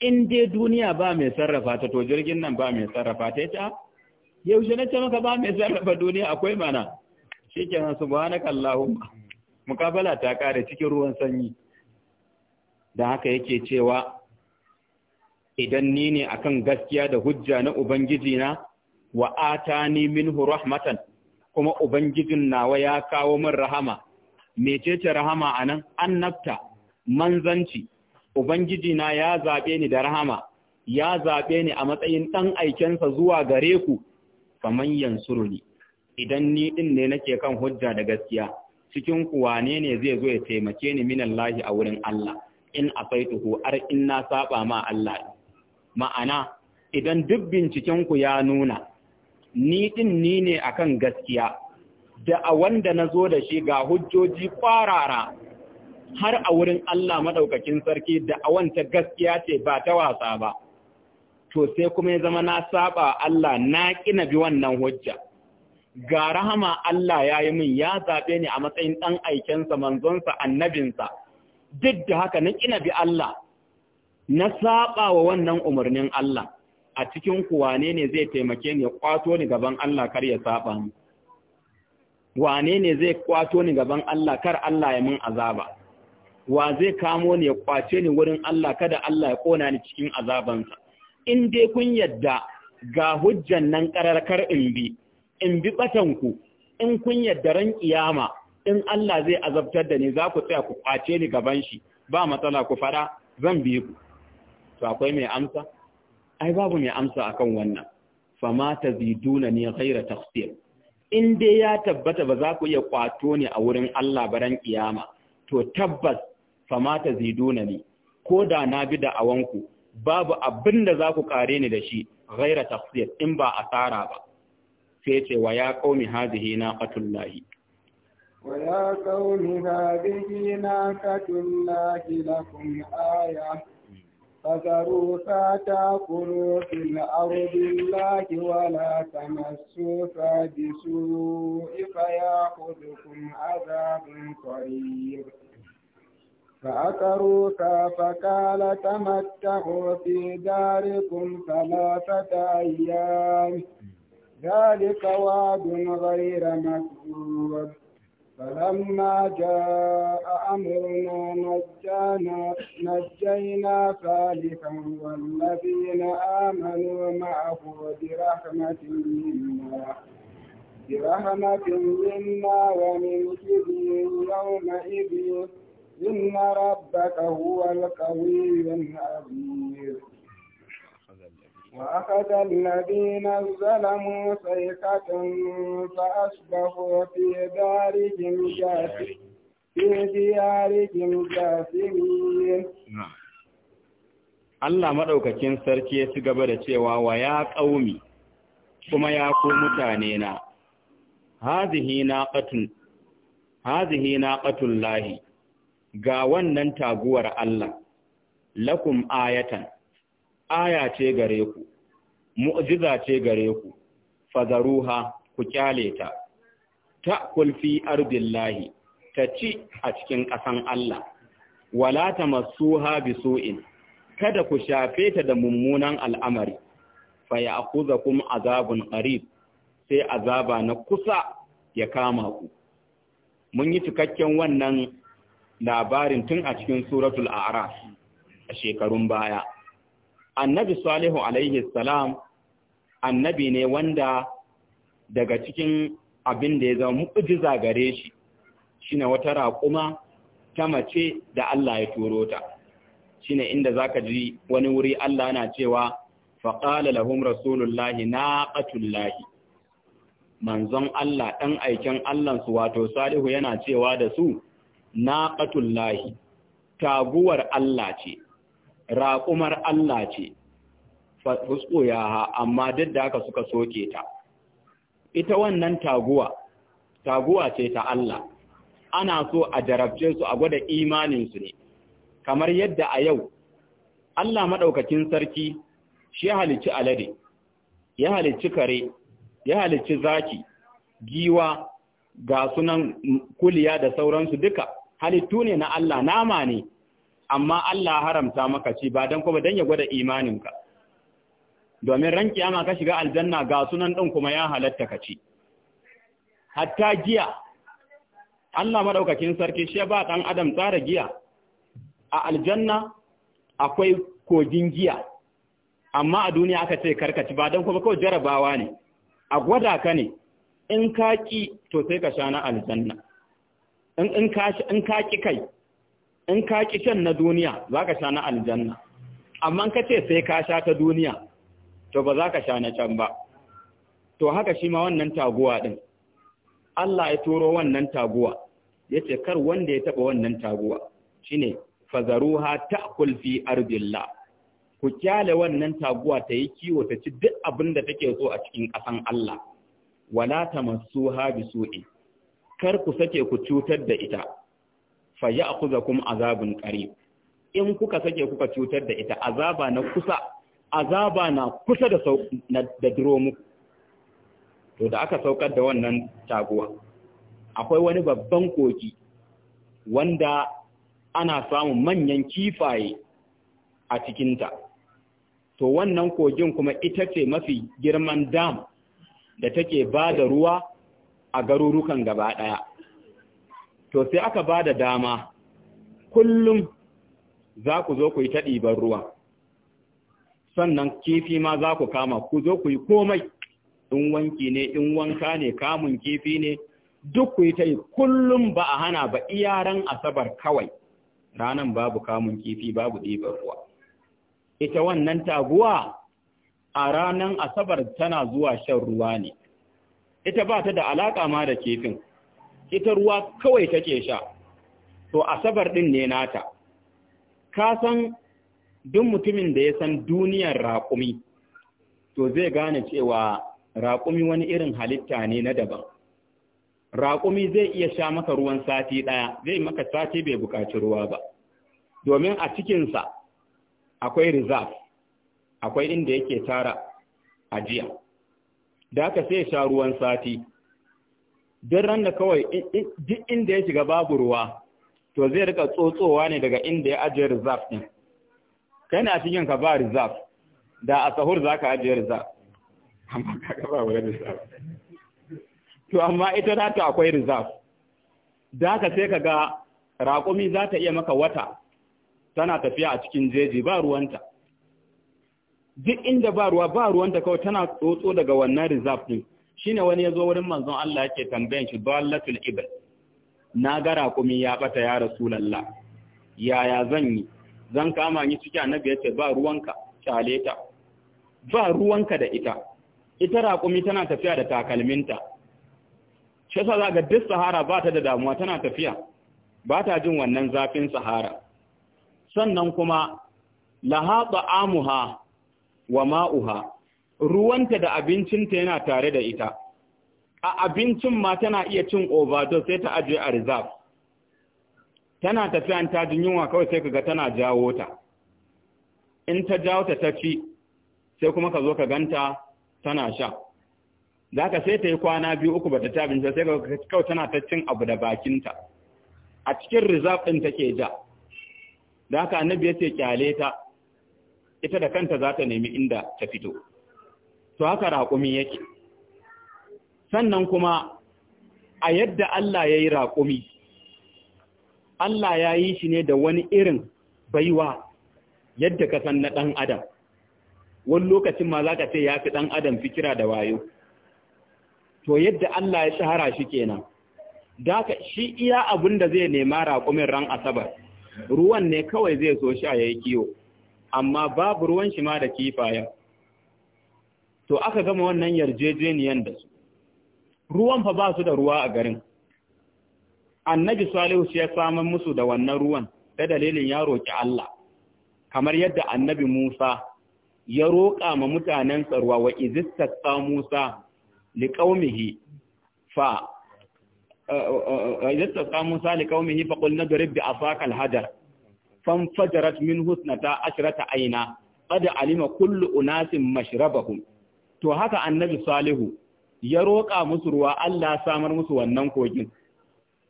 in dai duniya ba mai sarrafa ta to jirgin nan ba mai sarrafa ta ta, yaushe na ce maka ba mai sarrafa duniya akwai mana shikenan subhanaka allahumma mukabala ta kare cikin ruwan sanyi da haka yake cewa idan ni ne akan gaskiya da hujja na ubangiji na wa atani minhu rahmatan kuma ubangijin nawa ya kawo min rahama mecece rahama anan annabta manzanci ubangiji na ya zabe ni da rahama ya zabe ni a matsayin dan aikensa zuwa gare ku kaman yansuruni idan ni din ne nake kan hujja da gaskiya cikin wanene wane ne zai zo ya taimake ni minallahi a wurin Allah in afaituhu ar in na saba ma Allah ma'ana idan duk binciken ku ya nuna ni din ni ne akan gaskiya da a wanda na zo da shi ga hujjoji kwarara har a wurin Allah madaukakin sarki da a wanta gaskiya ce ba ta wasa ba to sai kuma ya zama na saba Allah na kina bi wannan hujja ga rahama Allah ya yi min ya zaɓe ni a matsayin ɗan aikensa manzonsa annabinsa duk da haka na kina bi Allah na saba wa wannan umarnin Allah a cikin wane ne zai taimake ni ya kwato ni gaban Allah kar ya saba ni wane ne zai kwato ni gaban Allah kar Allah ya min azaba wa zai kamo ni ya kwace ni wurin Allah kada Allah ya kona ni cikin azabansa in dai kun yadda ga hujjan nan kararkar in bi in bi batanku in kun yadda ran kiyama in Allah zai azabtar da ni za ku tsaya ku kwace ni gaban shi ba matsala ku fara zan bi ku to akwai mai amsa ai babu mai amsa akan wannan fama taziduna ni ghaira taqsir in dai ya tabbata ba za ku iya kwato ne a wurin Allah baran kiyama to tabbas fama taziduna ni ko da na bi da awanku babu abinda za ku kare ni da shi ghaira taqsir in ba asara ba sai ce wa ya qaumi hadhihi naqatullahi wa ya هذه ناقة الله لكم آية فذروها تأكل في الأرض الله ولا تمسوها بسوء فيأخذكم عذاب قريب فعقروها فقال تمتعوا في داركم ثلاثة أيام ذلك وعد غير مكذوب فلما جاء أمرنا نجانا نجينا ثالثا والذين آمنوا معه برحمة منا برحمة منا ومن خزي يومئذ إن ربك هو القوي العزيز وأخذ الذين ظلموا صيحة فأصبحوا في دارهم جاثمين في ديارهم جاثمين Allah maɗaukakin sarki ya ci gaba da cewa wa ya ƙaumi kuma ya ku mutane na, hazihi na ƙatun lahi ga wannan taguwar Allah, lakum ayatan, aya ce gare ku mu'jiza ce gare ku fazaruha ku kyale ta ta kulfi ardillahi ta ci a cikin ƙasan Allah wala ta tamassuha bisu'in kada ku shafe ta da mummunan al'amari fa kuma azabun qarib sai azaba na kusa ya kama ku mun yi cikakken wannan labarin tun a cikin suratul a'raf a shekarun baya annabi salihu alaihi salam annabi ne wanda daga cikin abin da ya zama mu'jiza gare shi shine wata raƙuma ta mace da Allah ya turo ta shine inda zaka ji wani wuri Allah yana cewa qala lahum rasulullahi naqatullahi manzon Allah dan aikin Allah su wato salihu yana cewa da su naqatullahi taguwar Allah ce raƙumar Allah ce ya ha amma duk da haka suka soke ta ita wannan taguwa taguwa ce ta Allah ana so a jarabce su a gwada imaninsu ne kamar yadda a yau Allah maɗaukakin sarki shi halicci alade ya halicci kare ya halicci zaki giwa ga sunan kuliya da sauransu duka halittu ne na Allah nama ne amma Allah haramta maka ci ba dan kuma dan ya gwada imaninka domin ran kiyama ka shiga aljanna ga sunan din kuma ya halatta ka ci hatta giya Allah madaukakin sarki shi ba ɗan adam tsara giya a aljanna akwai kogin giya amma a duniya aka ce karkaci ba dan kuma kawai jarabawa ne a gwada ka ne in ka ƙi to sai ka sha na aljanna in ka ƙi kai in ka ki shan na duniya za ka sha na aljanna amma ka ce sai ka sha ta duniya to ba za ka sha na can ba to haka shi ma wannan taguwa din Allah ya turo wannan taguwa ya ce kar wanda ya taɓa wannan taguwa Shi shine fazaruha ta Kulfi Arbilla. ku kyale wannan taguwa ta yi kiwo ta ci duk abin da take so a cikin ƙasan Allah wala ta masu tamassuha bisu'i kar ku sake ku cutar da ita fa ya kuma azabin qarib in kuka sake kuka cutar da ita azaba na kusa azaba na kusa da sau da to da aka saukar da wannan taguwa akwai wani babban koki wanda ana samun manyan kifaye a cikinta to wannan kogin kuma ita ce mafi girman dam da take ba da ruwa a garurukan gaba ɗaya to sai aka ba da dama kullum za ku zo ku yi ta ɗiban ruwa sannan kifi ma za ku kama ku zo ku yi komai in wanki ne in wanka ne kamun kifi ne duk ku yi ta yi kullum ba a hana ba iyaran asabar kawai ranan babu kamun kifi babu ɗiban ruwa ita wannan taguwa a ranan asabar tana zuwa shan ruwa ne ita ba ta da alaƙa ma da kifin ita ruwa kawai take sha to asabar din ne nata ka san duk mutumin da ya san duniyar raƙumi to zai gane cewa raƙumi wani irin halitta ne na daban raƙumi zai iya sha maka ruwan sati ɗaya zai maka sati bai buƙaci ruwa ba domin a cikinsa akwai reserve akwai inda yake tara ajiya da aka sai sha ruwan sati duk ran da kawai duk inda ya shiga babu ruwa to zai rika tsotsowa ne daga inda ya ajiye reserve din kai na cikin ka ba reserve da a sahur ka ajiye reserve amma ka ba wani reserve to amma ita za ta akwai reserve da ka sai ka ga raƙumi za ta iya maka wata tana tafiya a cikin jeji ba ruwanta duk inda ba ruwa ba ruwanta kawai tana tsotso daga wannan reserve din Shi ne wani ya zo wurin manzon Allah yake tambayan shi dallatul ibl na ga raƙumi ya bata ya rasulullah yaya zan yi zan kama ni ciki annabi yace ba ruwanka kyale ta ba ruwanka da ita ita raƙumi tana tafiya da takalminta shi yasa zaga duk sahara ba ta da damuwa tana tafiya ba ta jin wannan zafin sahara sannan kuma laha amuha wa ma'uha ruwanta da abincinta yana tare da ita a abincin ma tana iya cin overdose sai ta ajiye a reserve tana tafiya ta jin yunwa kawai sai kaga tana jawo ta in ta jawo ta tafi, sai kuma ka zo ka ganta tana sha Za ka sai ta yi kwana biyu uku bata ta abinci sai kawai kawai tana ta cin abu da bakinta a cikin reserve ɗin take ja da ka annabi ya ce kyale ta ita da kanta za ta nemi inda ta fito to haka raƙumi yake sannan kuma a yadda Allah ya yi raƙumi Allah ya yi shi ne da wani irin baiwa yadda ka san na ɗan adam wani lokacin ma za ka ce ya fi ɗan adam fikira da wayo to yadda Allah ya shahara shi kenan daga shi iya abin da zai nema raƙumin ran asabar ruwan ne kawai zai so sha ya yi kiwo amma babu ruwan shi ma da kifayen to aka gama wannan yarjejeniyan da su ruwan fa ba su da ruwa a garin annabi salihu shi ya samar musu da wannan ruwan da dalilin ya roƙi Allah kamar yadda annabi Musa ya roƙa ma mutanen tsarwa wa izistasta Musa liqaumihi fa izistasta Afakal Hajar, fa qulna darib bi asaka fanfajarat aina qad alima kullu unasin mashrabahum to haka annabi salihu ya roƙa musu ruwa Allah samar musu wannan kogin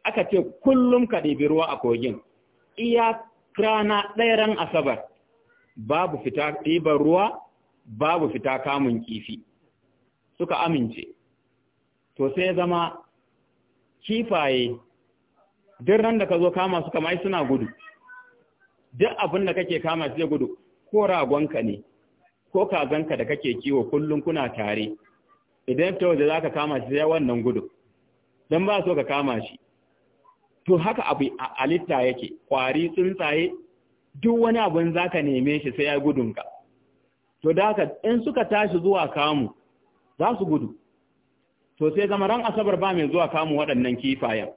aka ce kullum ka ɗebi ruwa a kogin iya rana ɗaya ran asabar babu fita ɗiban ruwa babu fita kamun kifi suka amince to sai zama kifaye duk ran da ka zo kama su kamar suna gudu duk abin da kake kama su gudu ko ragonka ne ko kazanka da kake kiwo kullum kuna tare idan ta waje za ka kama shi sai wannan gudu don ba so ka kama shi to haka abu alitta yake kwari tsuntsaye duk wani abin za ka neme shi sai ya gudunka to da haka in suka tashi zuwa kamu za su gudu to sai zama ran asabar ba mai zuwa kamu waɗannan kifayen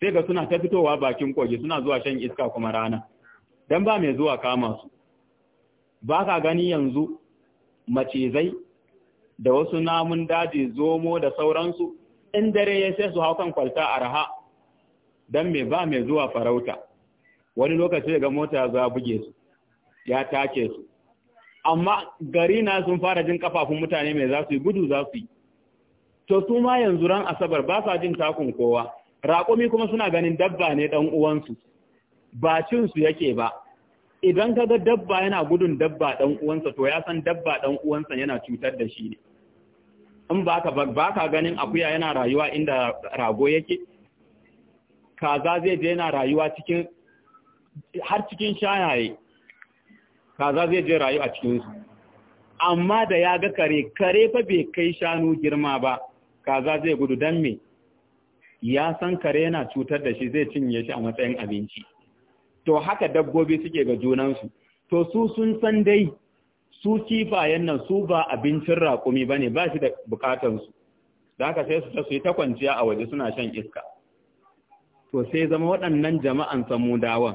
sai ga suna ta fitowa bakin kogi suna zuwa shan iska kuma rana don ba mai zuwa kama su ba ka gani yanzu macizai da wasu namun daji zomo da sauransu in dare ya sai su haukan kan kwalta a raha don me ba mai zuwa farauta wani lokaci daga mota za buge su ya take su amma gari na sun fara jin kafafun mutane mai za su yi gudu za su yi to su ma yanzu ran asabar ba sa jin takun kowa raƙumi kuma suna ganin dabba ne ɗan uwansu ba cin su yake ba idan ka ga dabba yana gudun dabba ɗan uwansa to ya san dabba ɗan uwansa yana cutar da shi ne in ba ka ganin akuya yana rayuwa inda rago yake kaza zai je yana rayuwa cikin har cikin shayaye kaza zai je rayu a cikinsu amma da ya ga kare kare fa bai kai shanu girma ba kaza zai gudu don me ya san kare yana cutar da shi zai cinye shi a matsayin abinci to haka dabbobi suke ga junansu to su sun san dai su kifayen nan su ba abincin raƙumi ba ne ba shi da bukatansu da haka sai su ta su yi ta kwanciya a waje suna shan iska to sai zama waɗannan jama'an samu samudawan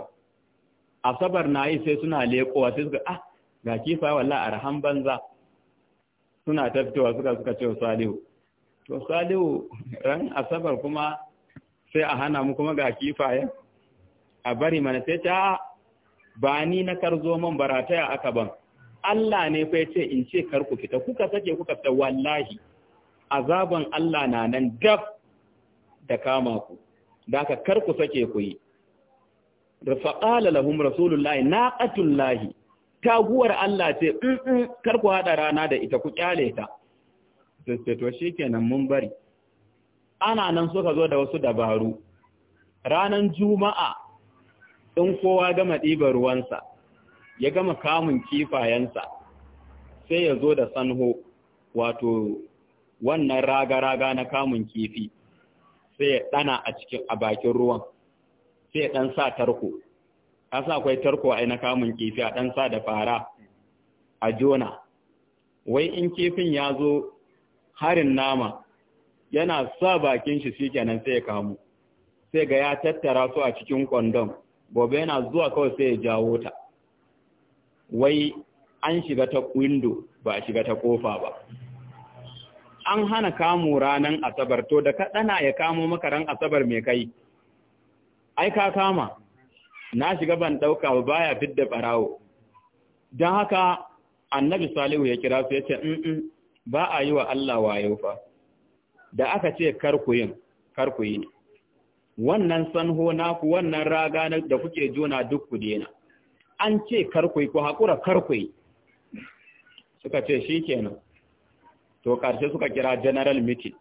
asabar na yi sai suna leƙowa sai suka ah ga kifaye wallah arham banza suna tafitowa suka suka ce salihu to salihu ran asabar kuma sai a hana mu kuma ga kifayen a bari mana sai ta ba ni na karzo man barataya aka ban Allah ne fa yace in ce kar ku fita kuka sake kuka fita wallahi azaban Allah na nan gab da kama ku da kar ku sake ku yi qala lahum rasulullahi naqatullahi taguwar Allah ce in kar ku hada rana da ita ku kyale ta sai to shikenan mun bari ana nan suka zo da wasu dabaru ranan juma'a in kowa gama ɗiba ruwansa ya gama kamun kifayensa sai ya zo da sanho wato wannan raga-raga na kamun kifi sai ya ɗana a cikin a bakin ruwan sai ya ɗan sa tarko an sa akwai tarko a na kamun kifi a ɗan sa da fara a jona wai in kifin ya zo harin nama yana sa bakin shi shi nan sai ya kamu sai ga ya tattara su a cikin kwandon gobe yana zuwa kawai sai ya jawo ta wai an shiga ta window ba a shiga ta kofa ba an hana kamu ranan asabar to da kaɗana ya kamo maka ran asabar mai kai ai ka kama na shiga ban ɗauka ba baya fidda ɓarawo don haka annabi salihu ya kira su ya ce ba a yi wa Allah wayo fa da aka ce karkuyin ku ne wannan sanho naku wannan raga da kuke jona duk ku dena an ce karkwai ku haƙura karkwai suka ce shi to karshe suka kira general meeting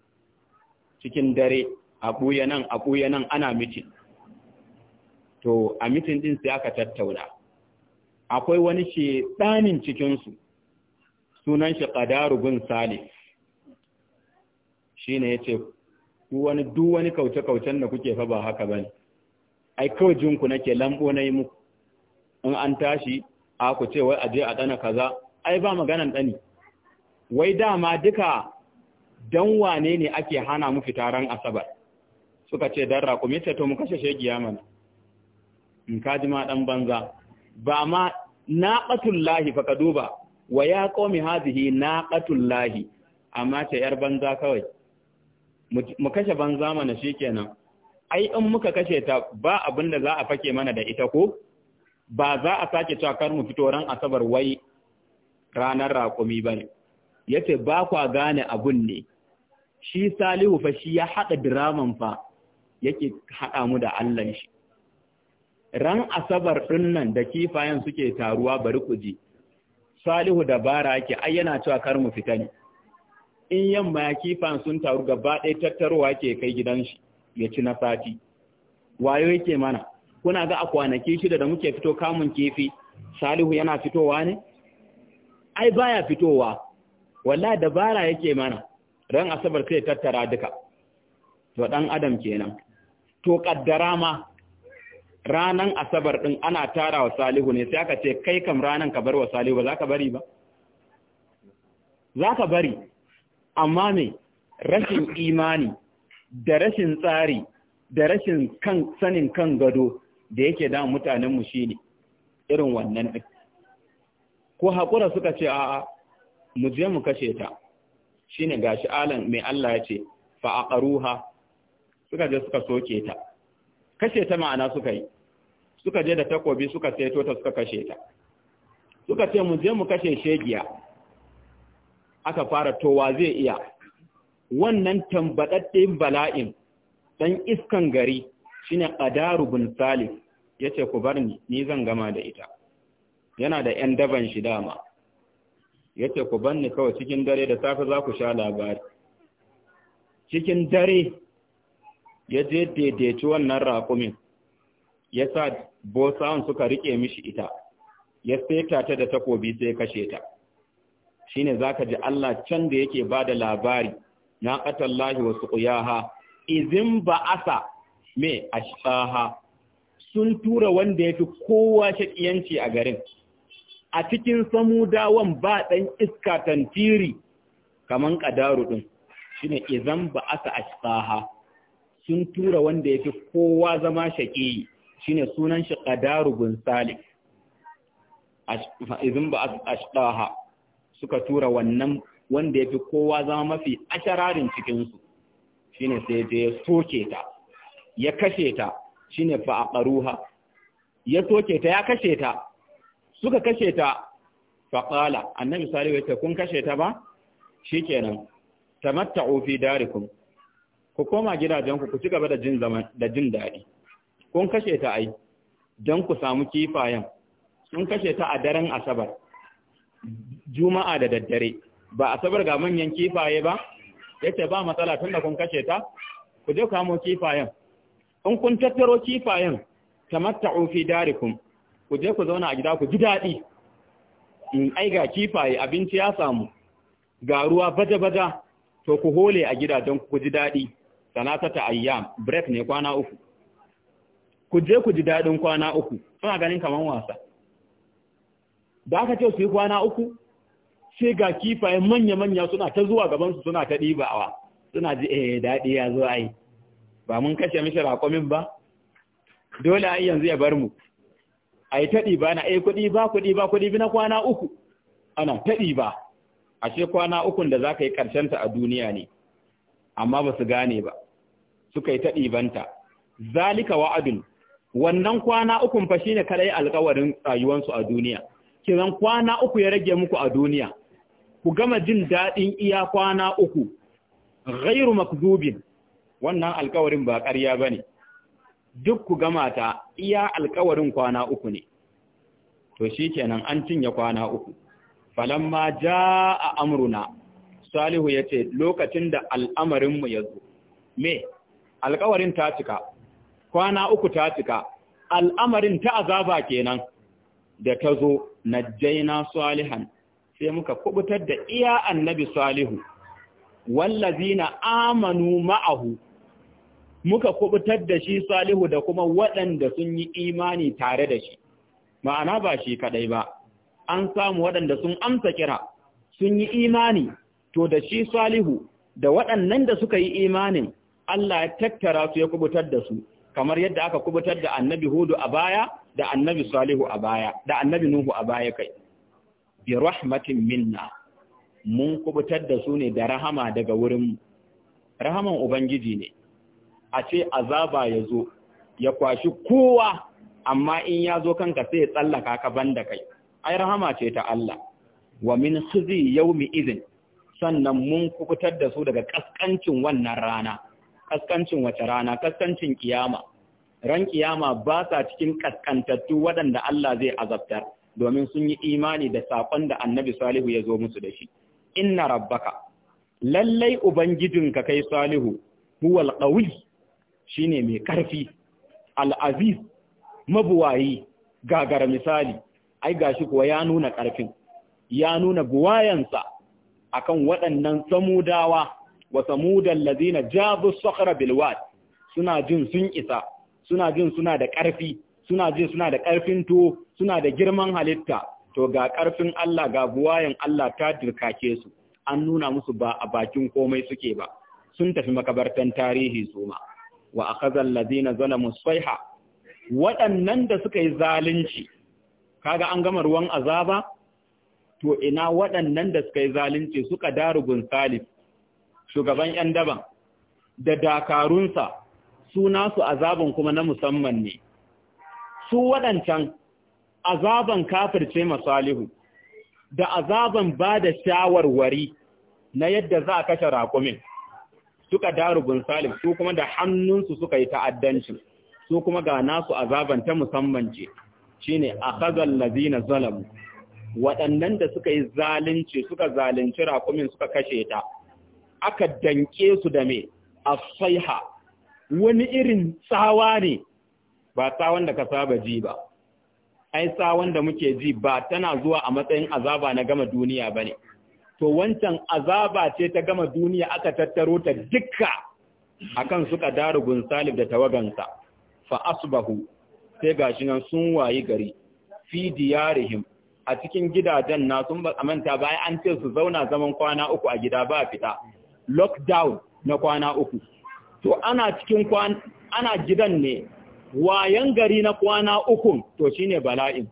cikin dare a ɓuya nan a ɓuya nan ana meeting to a mitin din sai aka tattauna akwai wani shi cikin cikinsu sunan shi qadaru bin salih shine yace ku wani duk wani kauce-kaucen da kuke fa ba haka bane ai kawai jinku nake lambo na yi muku in an tashi a ku ce wai aje a dana kaza ai ba maganan ɗani. wai dama duka dan wane ne ake hana mu fitaran asabar suka ce dan raƙumi ce to mu kashe ya mana in ka ji ma dan banza ba ma naqatullahi fa ka duba wa ya hazihi hadhihi naqatullahi amma ce yar banza kawai mu kashe ban shi kenan. ai in muka kashe ta ba abin da za a fake mana da ita ko ba za a sake cewa kar mu fito ran asabar wai ranar raƙumi bane yace ba kwa gane abun ne shi Salihu fa shi ya haɗa diraman fa yake haɗa mu da Allah shi ran asabar ɗin nan da kifayen suke taruwa bari ku ji Salihu dabara yake ai yana cewa kar mu fita ne in yamma ya kifan sun taru gaba ɗaya tattarowa ke kai gidan shi ya ci na sati wayo yake mana kuna ga a kwanaki shida da muke fito kamun kifi salihu yana fitowa ne ai baya fitowa walla dabara yake mana ran asabar sai tattara duka to dan adam kenan to kaddara ma ranan asabar ɗin ana tara wa salihu ne sai aka ce kai kam ranan ka bar wa salihu ba za ka bari ba za ka bari amma me rashin imani da rashin tsari da rashin kan sanin kan gado da yake da mutanenmu shi ne irin wannan ɗin ko haƙura suka ce a'a mu je mu kashe ta shi ne gashi alan mai Allah ya ce fa'aƙaruha suka je suka soke ta kashe ta ma'ana suka yi suka je da takobi suka seto ta suka kashe ta suka ce mu je mu kashe shegiya aka fara towa zai iya wannan tambadaddin bala'in ɗan iskan gari shine qadaru bin salih yace ku bar ni ni zan gama da ita yana da yan daban shi dama yace ku bar ni kawai cikin dare da safe za ku sha labari cikin dare ya je daidaici wannan raƙumin ya sa bosawan suka riƙe mishi ita ya seta ta da takobi sai kashe ta shine zaka ji Allah can da yake bada labari na qatallahi wa suqiyaha izin ba'asa me ashaha sun tura wanda yafi kowa shakiyanci a garin a cikin samudawan ba dan iska tantiri kaman kadaru din shine izan ba'asa ashaha sun tura wanda yafi kowa zama shaki shine sunan shi qadaru bin salih izin ba ashaha. suka tura wannan wanda ya fi kowa zama mafi ashararin cikinsu shi ne sai ya soke ta ya kashe ta shi ne ƙaruha ya soke ta ya kashe ta suka kashe ta faƙala annan misali wata ce kun kashe ta ba shi kenan tamatta'u ofi darikun ku koma gidajenku ku ci gaba da jin da jin daɗi kun kashe ta ai don ku samu kifayen sun kashe ta a daren asabar juma'a da daddare ba a sabar ga manyan kifaye ba yace ba matsala tunda kun kashe ta ku je kamo kifayen in kun tattaro kifayen tamatta'u fi darikum ku je ku zauna a gida ku ji daɗi in ai ga kifaye abinci ya samu ga ruwa baja-baja to ku hole a gidajen ku ji daɗi sanata ta ayyam break ne kwana uku ku je ku ji daɗin kwana uku kuna ganin kaman wasa da aka ce su yi kwana uku sai ga kifayen manya-manya suna ta zuwa gabansu suna ta ɗibawa suna ji eh daɗi ya zo ai ba mun kashe mishi raƙomin ba dole a yanzu ya bar mu A yi ta ɗiba na ai eh, kuɗi ba kuɗi ba kuɗi na kwana uku ana ta ɗiba ce kwana ukun da za ka yi ta a duniya ne amma ba su gane ba suka yi ta ɗibanta zalika wa'adun wannan kwana ukun fa shine kada yi alƙawarin rayuwansu a duniya kiran kwana uku ya rage muku a duniya ku gama jin daɗin iya kwana uku, gairu makzubin, wannan alkawarin ba ƙarya ba ne, duk ku gama ta iya alkawarin kwana uku ne, to shi kenan an cinye kwana uku. Falamma ja a amruna, Salihu ya ce, lokacin da al'amarinmu ya zo, me, alkawarin ta cika, kwana uku ta cika, al'amarin ta azaba kenan da ta zo, na jaina Salihan. sai muka kubutar da iya annabi salihu wallazina amanu ma'ahu muka kubutar da shi salihu da kuma waɗanda sun yi imani tare da shi ma'ana ba shi kadai ba an samu waɗanda sun amsa kira sun yi imani to da shi salihu da waɗannan da suka yi imanin Allah ya tattara su ya kubutar da su kamar yadda aka kubutar da annabi hudu a baya da annabi salihu a baya da annabi nuhu a baya kai bi rahmatin minna mun kubutar da su ne da rahama daga wurin rahaman ubangiji ne a ce azaba ya zo ya kwashi kowa amma in ya zo kanka sai ya tsallaka ka banda kai ai rahama ce ta Allah wa min khizi yawmi idhin sannan mun kubutar da su daga kaskancin wannan rana kaskancin wace rana kaskancin kiyama ran kiyama ba sa cikin kaskantattu waɗanda Allah zai azabtar domin sun yi imani da saƙon da annabi salihu ya zo musu da shi inna rabbaka lallai Ubangijin ka kai salihu huwal qawi shine mai ƙarfi. Al'aziz, aziz mabuwayi gagara misali ai gashi kuwa ya nuna karfin ya nuna buwayansa akan waɗannan samudawa wa mudan ladina jabu sakhra bil suna jin sun isa suna jin suna da ƙarfi. suna jiya suna da ƙarfin tuwo suna da girman halitta to ga ƙarfin Allah ga buwayen Allah ta dirkake su an nuna musu ba a bakin komai suke ba sun tafi makabartan tarihi su ma wa akhadha alladhina zalamu sayha waɗannan da suka yi zalunci kaga an gama ruwan azaba to ina waɗannan da suka yi zalunci suka gun salif shugaban yan daban da dakarunsa su nasu azabin kuma na musamman ne su waɗancan azaban kafirce masalihu da azaban ba da shawarwari na yadda za a kashe rakumin suka darubin salim su kuma da hannunsu suka yi ta'addanci su kuma ga nasu azaban ta musamman ce shine akhazal lazina zalamu waɗannan da suka yi zalunci suka zalunci rakumin suka kashe ta aka danke su da me asaiha wani irin tsawa ne ba tsawon da ka saba ji ba ai tsawon da muke ji ba tana zuwa a matsayin azaba na gama duniya ba ne. to wancan azaba ce ta gama duniya aka tattaro ta dukka akan suka gun salib da tawagansa fa asbahu sai gashi nan sun wayi gari fi diyarihim a cikin gidajen na sun ba manta bayan an ce su zauna zaman kwana uku a gida ba fita lockdown na kwana uku to ana cikin ana gidan ne wayan gari na kwana ukun to shine bala'in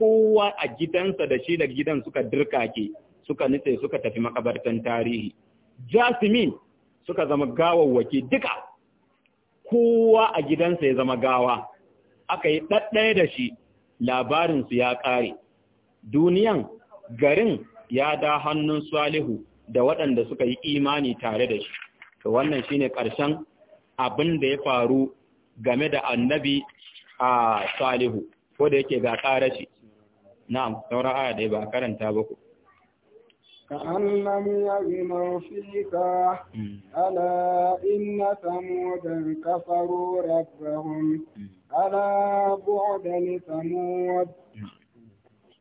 kowa a gidansa da shi da gidan suka ke suka nitse suka tafi makabartan tarihi jasmin suka zama gawawwaki duka kowa a gidansa ya zama gawa aka yi ɗaɗɗaya da shi labarinsu ya ƙare duniyan garin ya da hannun salihu da waɗanda suka yi imani tare da shi to wannan shine ƙarshen abin da ya faru game da annabi a salihu ko da yake ga ƙarashi na'am saura aya da ba karanta ba ku كأن ya yi فيك hmm. ala inna samudan kafaru ربهم hmm. ala bu'dan samud hmm.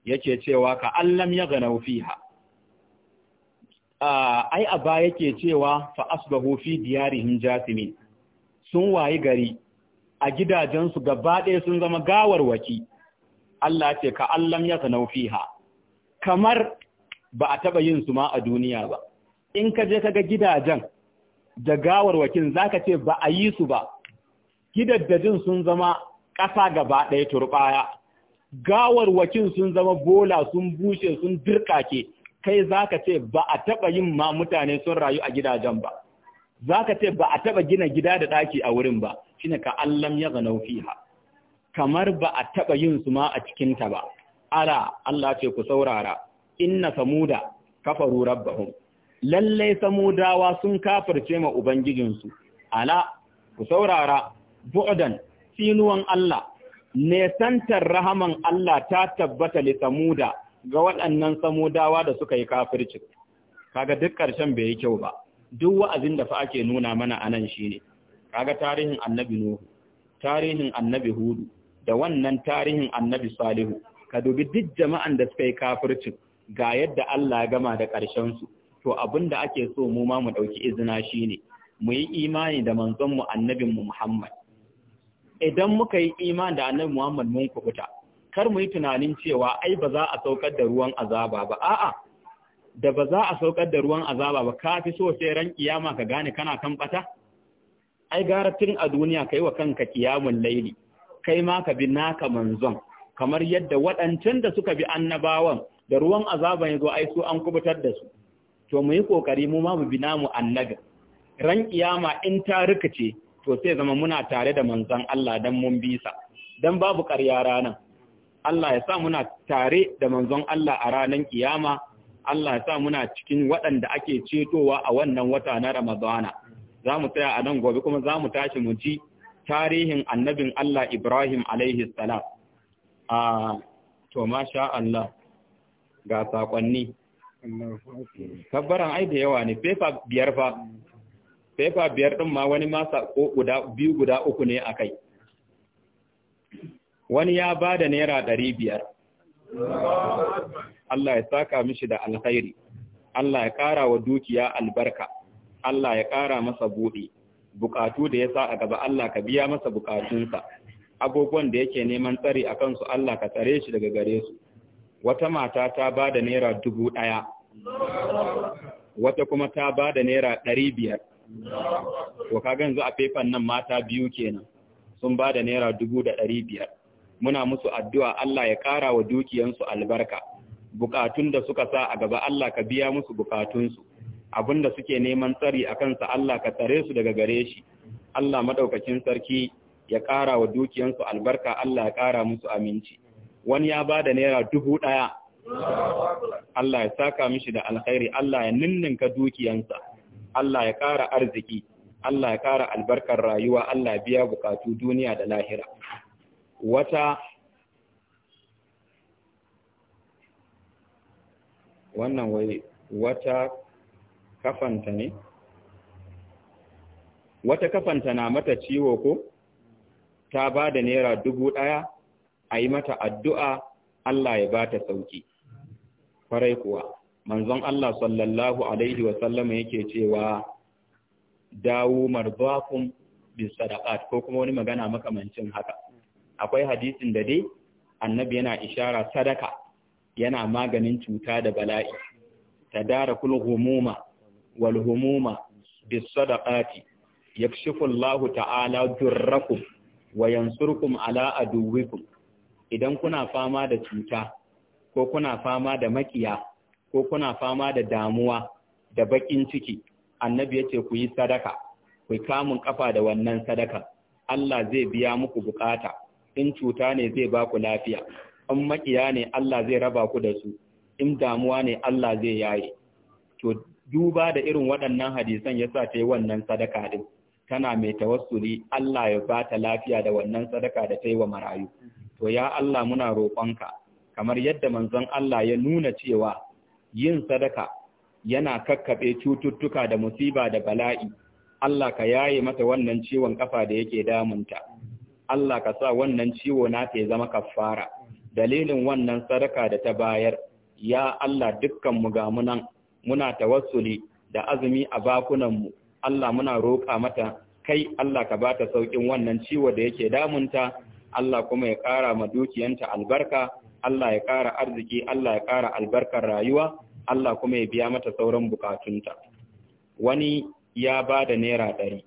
yake cewa ka allam ya ganau fiha ai a baya yake cewa fa asbahu fi diyarihim jasimin sun wayi gari a gidajensu gaba ɗaya sun zama gawarwaki Allah ce ka allam ya sanau fiha kamar ba a taɓa yin su ma a duniya ba in ka je kaga gidajen da gawarwakin ka ce ba a yi su ba gidaddajin sun zama ƙasa gaba ɗaya turɓaya gawarwakin sun zama bola sun bushe sun dirkake kai za ka ce ba a taɓa yin ma mutane sun rayu a gidajen ba za ka ce ba a taba gina gida da ɗaki a wurin ba ne ka allam ya zanau fiha kamar ba a taba yin su ma a cikinta ba ala Allah ce ku saurara inna samuda kafaru rabbahum lalle samudawa sun kafirce ma ubangijinsu ala ku saurara bu'dan sinuwan Allah nesantar rahaman Allah ta tabbata li samuda ga waɗannan samudawa da suka yi kafirci kaga duk ƙarshen bai yi kyau ba duk wa'azin da fa ake nuna mana a nan shi ne, kaga tarihin annabi nuhu tarihin annabi hudu da wannan tarihin annabi salihu ka dubi duk jama'an da suka yi kafircin ga yadda Allah ya gama da ƙarshen su to da ake so mu ma mu ɗauki izina shi ne, mu yi imani da manzonmu mu annabin Muhammad idan muka yi imani da annabi Muhammad mun kubuta kar mu yi tunanin cewa ai ba za a saukar da ruwan azaba ba a'a da ba za a saukar da ruwan azaba ba ka fi so sai ran kiyama ka gane kana kan bata ai gara tun a duniya kai wa kanka kiyamun laili kai ma ka bi naka manzon kamar yadda waɗancan da suka bi annabawan da ruwan azaba ya zo ai su an kubutar da su to mu yi kokari mu ma mu bi namu annabi ran kiyama in ta rikice to sai zama muna tare da manzon Allah dan mun bi sa dan babu ƙarya ranan Allah ya sa muna tare da manzon Allah a ranan kiyama Allah sa muna cikin waɗanda ake cetowa a wannan wata na Ramadana. Za mu tsaya a nan gobe kuma za mu tashi mu ji tarihin annabin Allah Ibrahim alaihi salam. A to masha Allah ga saƙonni. Kabbaran ai da yawa ne, fefa biyar fa, fefa biyar ɗin ma wani ma saƙo biyu guda uku ne a kai. Wani ya ba da Naira ɗari biyar. Allah ya saka mishi da alkhairi Allah ya ƙara wa dukiya albarka Allah ya ƙara masa buɗe bukatu da ya sa a gaba Allah ka biya masa bukatunsa abubuwan da yake neman tsari a kansu Allah ka tsare shi daga gare su wata mata ta ba naira dubu ɗaya wata kuma ta bada da naira ɗari biyar to kaga yanzu a faifan nan mata biyu kenan sun bada naira dubu da ɗari biyar muna musu addu'a Allah ya ƙara wa dukiyansu albarka, bukatun da suka sa a gaba Allah ka biya musu bukatunsu, abin da suke neman tsari a kansa Allah ka tsare su daga gare shi, Allah maɗaukacin sarki ya ƙara wa dukiyansu albarka Allah ya ƙara musu aminci. Wani ya ba da naira dubu ɗaya, Allah ya saka mishi da alkhairi, Allah ya ninninka dukiyansa, Allah ya ƙara arziki, Allah ya ƙara albarkar rayuwa, Allah biya bukatu duniya da lahira. wata wannan wai wata kafanta ne wata kafanta na mata ciwo ko ta ba da naira dubu ɗaya a yi mata addu'a Allah ya ba ta sauki farai kuwa manzon Allah sallallahu alaihi wasallama yake cewa dawo marbakun bisa sadaƙat ko kuma wani magana makamancin haka akwai hadisin da dai annabi yana ishara sadaka yana maganin cuta da bala'i tadarakul humuma wal humuma bis sadaqati yakshifu Allahu ta'ala durrakum wa yansurkum ala aduwikum idan kuna fama da cuta ko kuna fama da makiya ko kuna fama da damuwa da bakin ciki annabi yace ku yi sadaka ku kamun kafa da wannan sadaka Allah zai biya muku bukata in cuta ne zai ba ku lafiya in makiya ne Allah zai raba ku da su in damuwa ne Allah zai yaye to duba da irin waɗannan hadisan yasa ta yi wannan sadaka din tana mai tawassuli Allah ya ba ta lafiya da wannan sadaka da ta yi wa marayu to ya Allah muna roƙonka kamar yadda manzon Allah ya nuna cewa yin sadaka yana kakkaɓe cututtuka da musiba da bala'i Allah ka yaye mata wannan ciwon ƙafa da yake damunta Allah ka sa wannan ciwo na ta zama kafara dalilin wannan sadaka da ta bayar ya Allah dukkan mu ga munan muna tawassuli da azumi a bakunan mu Allah muna roƙa mata kai Allah ka bata saukin wannan ciwo da yake damunta Allah kuma ya ƙara ma dukiyanta albarka Allah ya ƙara arziki Allah ya ƙara albarkar rayuwa Allah kuma ya biya mata sauran bukatunta wani ya ba da naira ɗari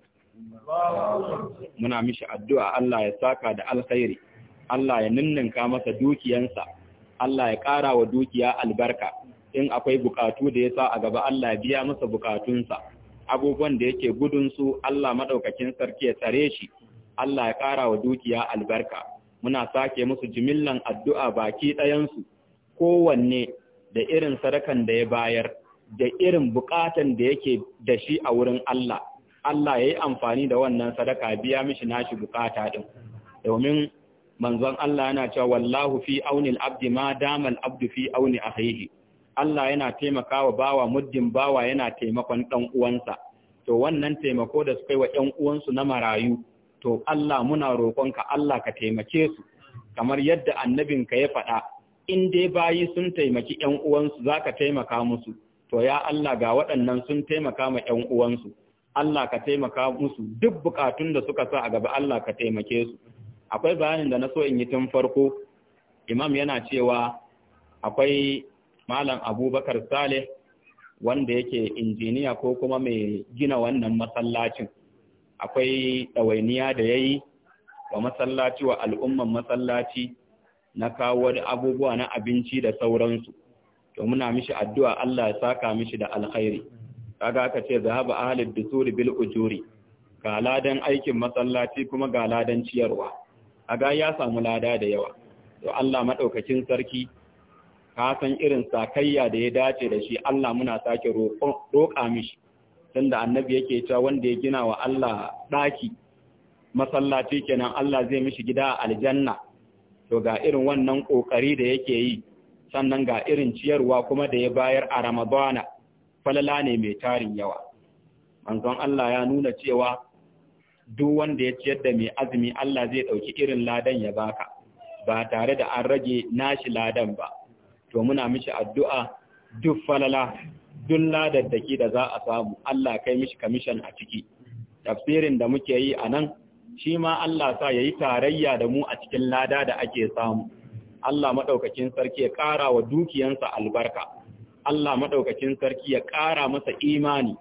muna mishi addu'a Allah ya saka da alkhairi Allah ya ninninka masa dukiyansa Allah ya ƙara wa dukiya albarka in akwai bukatu da ya sa a gaba Allah ya biya masa bukatunsa abubuwan da yake gudun su Allah maɗaukakin sarki ya tsare shi Allah ya ƙara wa dukiya albarka muna sake musu jimillan addu'a baki ɗayansu kowanne da irin sadakan da ya bayar da irin bukatan da yake da shi a wurin Allah Allah ya yi amfani da wannan sadaka biya mishi nashi bukata ɗin. Domin manzon Allah yana cewa wallahu fi aunil abdi ma damal abdu fi auni akhihi. Allah yana taimakawa bawa muddin bawa yana taimakon ɗan uwansa. To wannan taimako da suka yi wa ‘yan uwansu na marayu, to Allah muna roƙonka Allah ka taimake su, kamar yadda annabinka ya faɗa, in dai bayi sun taimaki ‘yan uwansu za ka taimaka musu, to ya Allah ga waɗannan sun taimaka ma ‘yan uwansu. Allah ka taimaka musu duk bukatun da suka sa a gaba Allah ka taimake su akwai bayanin da na so in yi tun farko imam yana cewa akwai malam abubakar saleh wanda yake injiniya ko kuma mai gina wannan masallacin akwai ɗawainiya da ya yi wa masallaci wa al'umman masallaci na kawo abubuwa na abinci da sauransu to muna mishi addu'a Allah ya saka mishi da alkhairi kaga aka ce zahaba ahli dusuri bil ujuri ga ladan aikin masallaci kuma ga ladan ciyarwa aga ya samu lada da yawa to Allah madaukakin sarki ka san irin sakayya da ya dace da shi Allah muna sake roƙa mishi tunda annabi yake cewa wanda ya gina wa Allah daki masallaci kenan Allah zai mishi gida a aljanna to ga irin wannan kokari da yake yi sannan ga irin ciyarwa kuma da ya bayar a Ramadana falala ne mai tarin yawa manzon Allah ya nuna cewa duk wanda ya ciyar da mai azumi Allah zai ɗauki irin ladan ya baka ba tare da an rage nashi ladan ba to muna mishi addu'a duk falala duk ladar da ke da za a samu Allah kai mishi kamishan a ciki tafsirin da muke yi a nan shi ma Allah sa ya yi tarayya da mu a cikin lada da ake samu Allah maɗaukakin sarki ya ƙara wa dukiyansa albarka Allah maɗaukacin sarki ya ƙara masa imani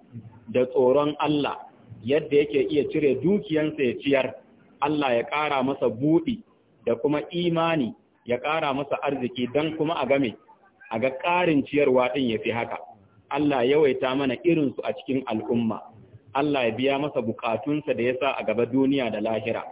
da tsoron Allah yadda yake iya cire dukiyansa ya ciyar, Allah ya ƙara masa buɗi da kuma imani ya ƙara masa arziki don kuma a game, a ga ƙarin ciyarwa ɗin ya fi haka. Allah yawaita mana irinsu a cikin al'umma, Allah ya biya masa bukatunsa da ya sa a gaba duniya da lahira.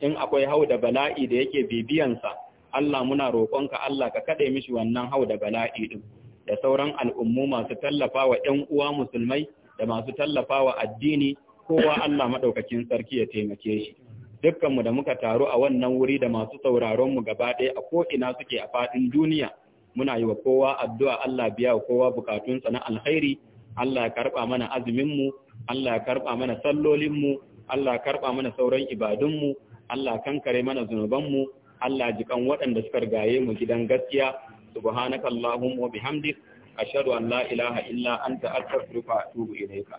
In akwai hau da bala'i da yake bibiyansa, Allah muna roƙonka Allah ka kaɗe mishi wannan hau da bala'i ɗin. da sauran al'ummu masu tallafa wa ‘yan uwa musulmai da masu tallafa wa addini kowa Allah maɗaukakin sarki ya taimake shi. Dukkanmu da muka taru a wannan wuri da masu sauraronmu gaba ɗaya a ko'ina suke a faɗin duniya, muna yi wa kowa addu'a Allah biya wa kowa bukatunsa na alkhairi, Allah ya karɓa mana azuminmu, Allah ya karɓa mana sallolinmu, Allah ya karɓa mana sauran ibadunmu, Allah kankare mana zunubanmu, Allah jikan waɗanda suka rigaye mu gidan gaskiya, subhanaka allahumma bihamdik ashhadu an la ilaha illa anta astaghfiruka wa atubu ilayka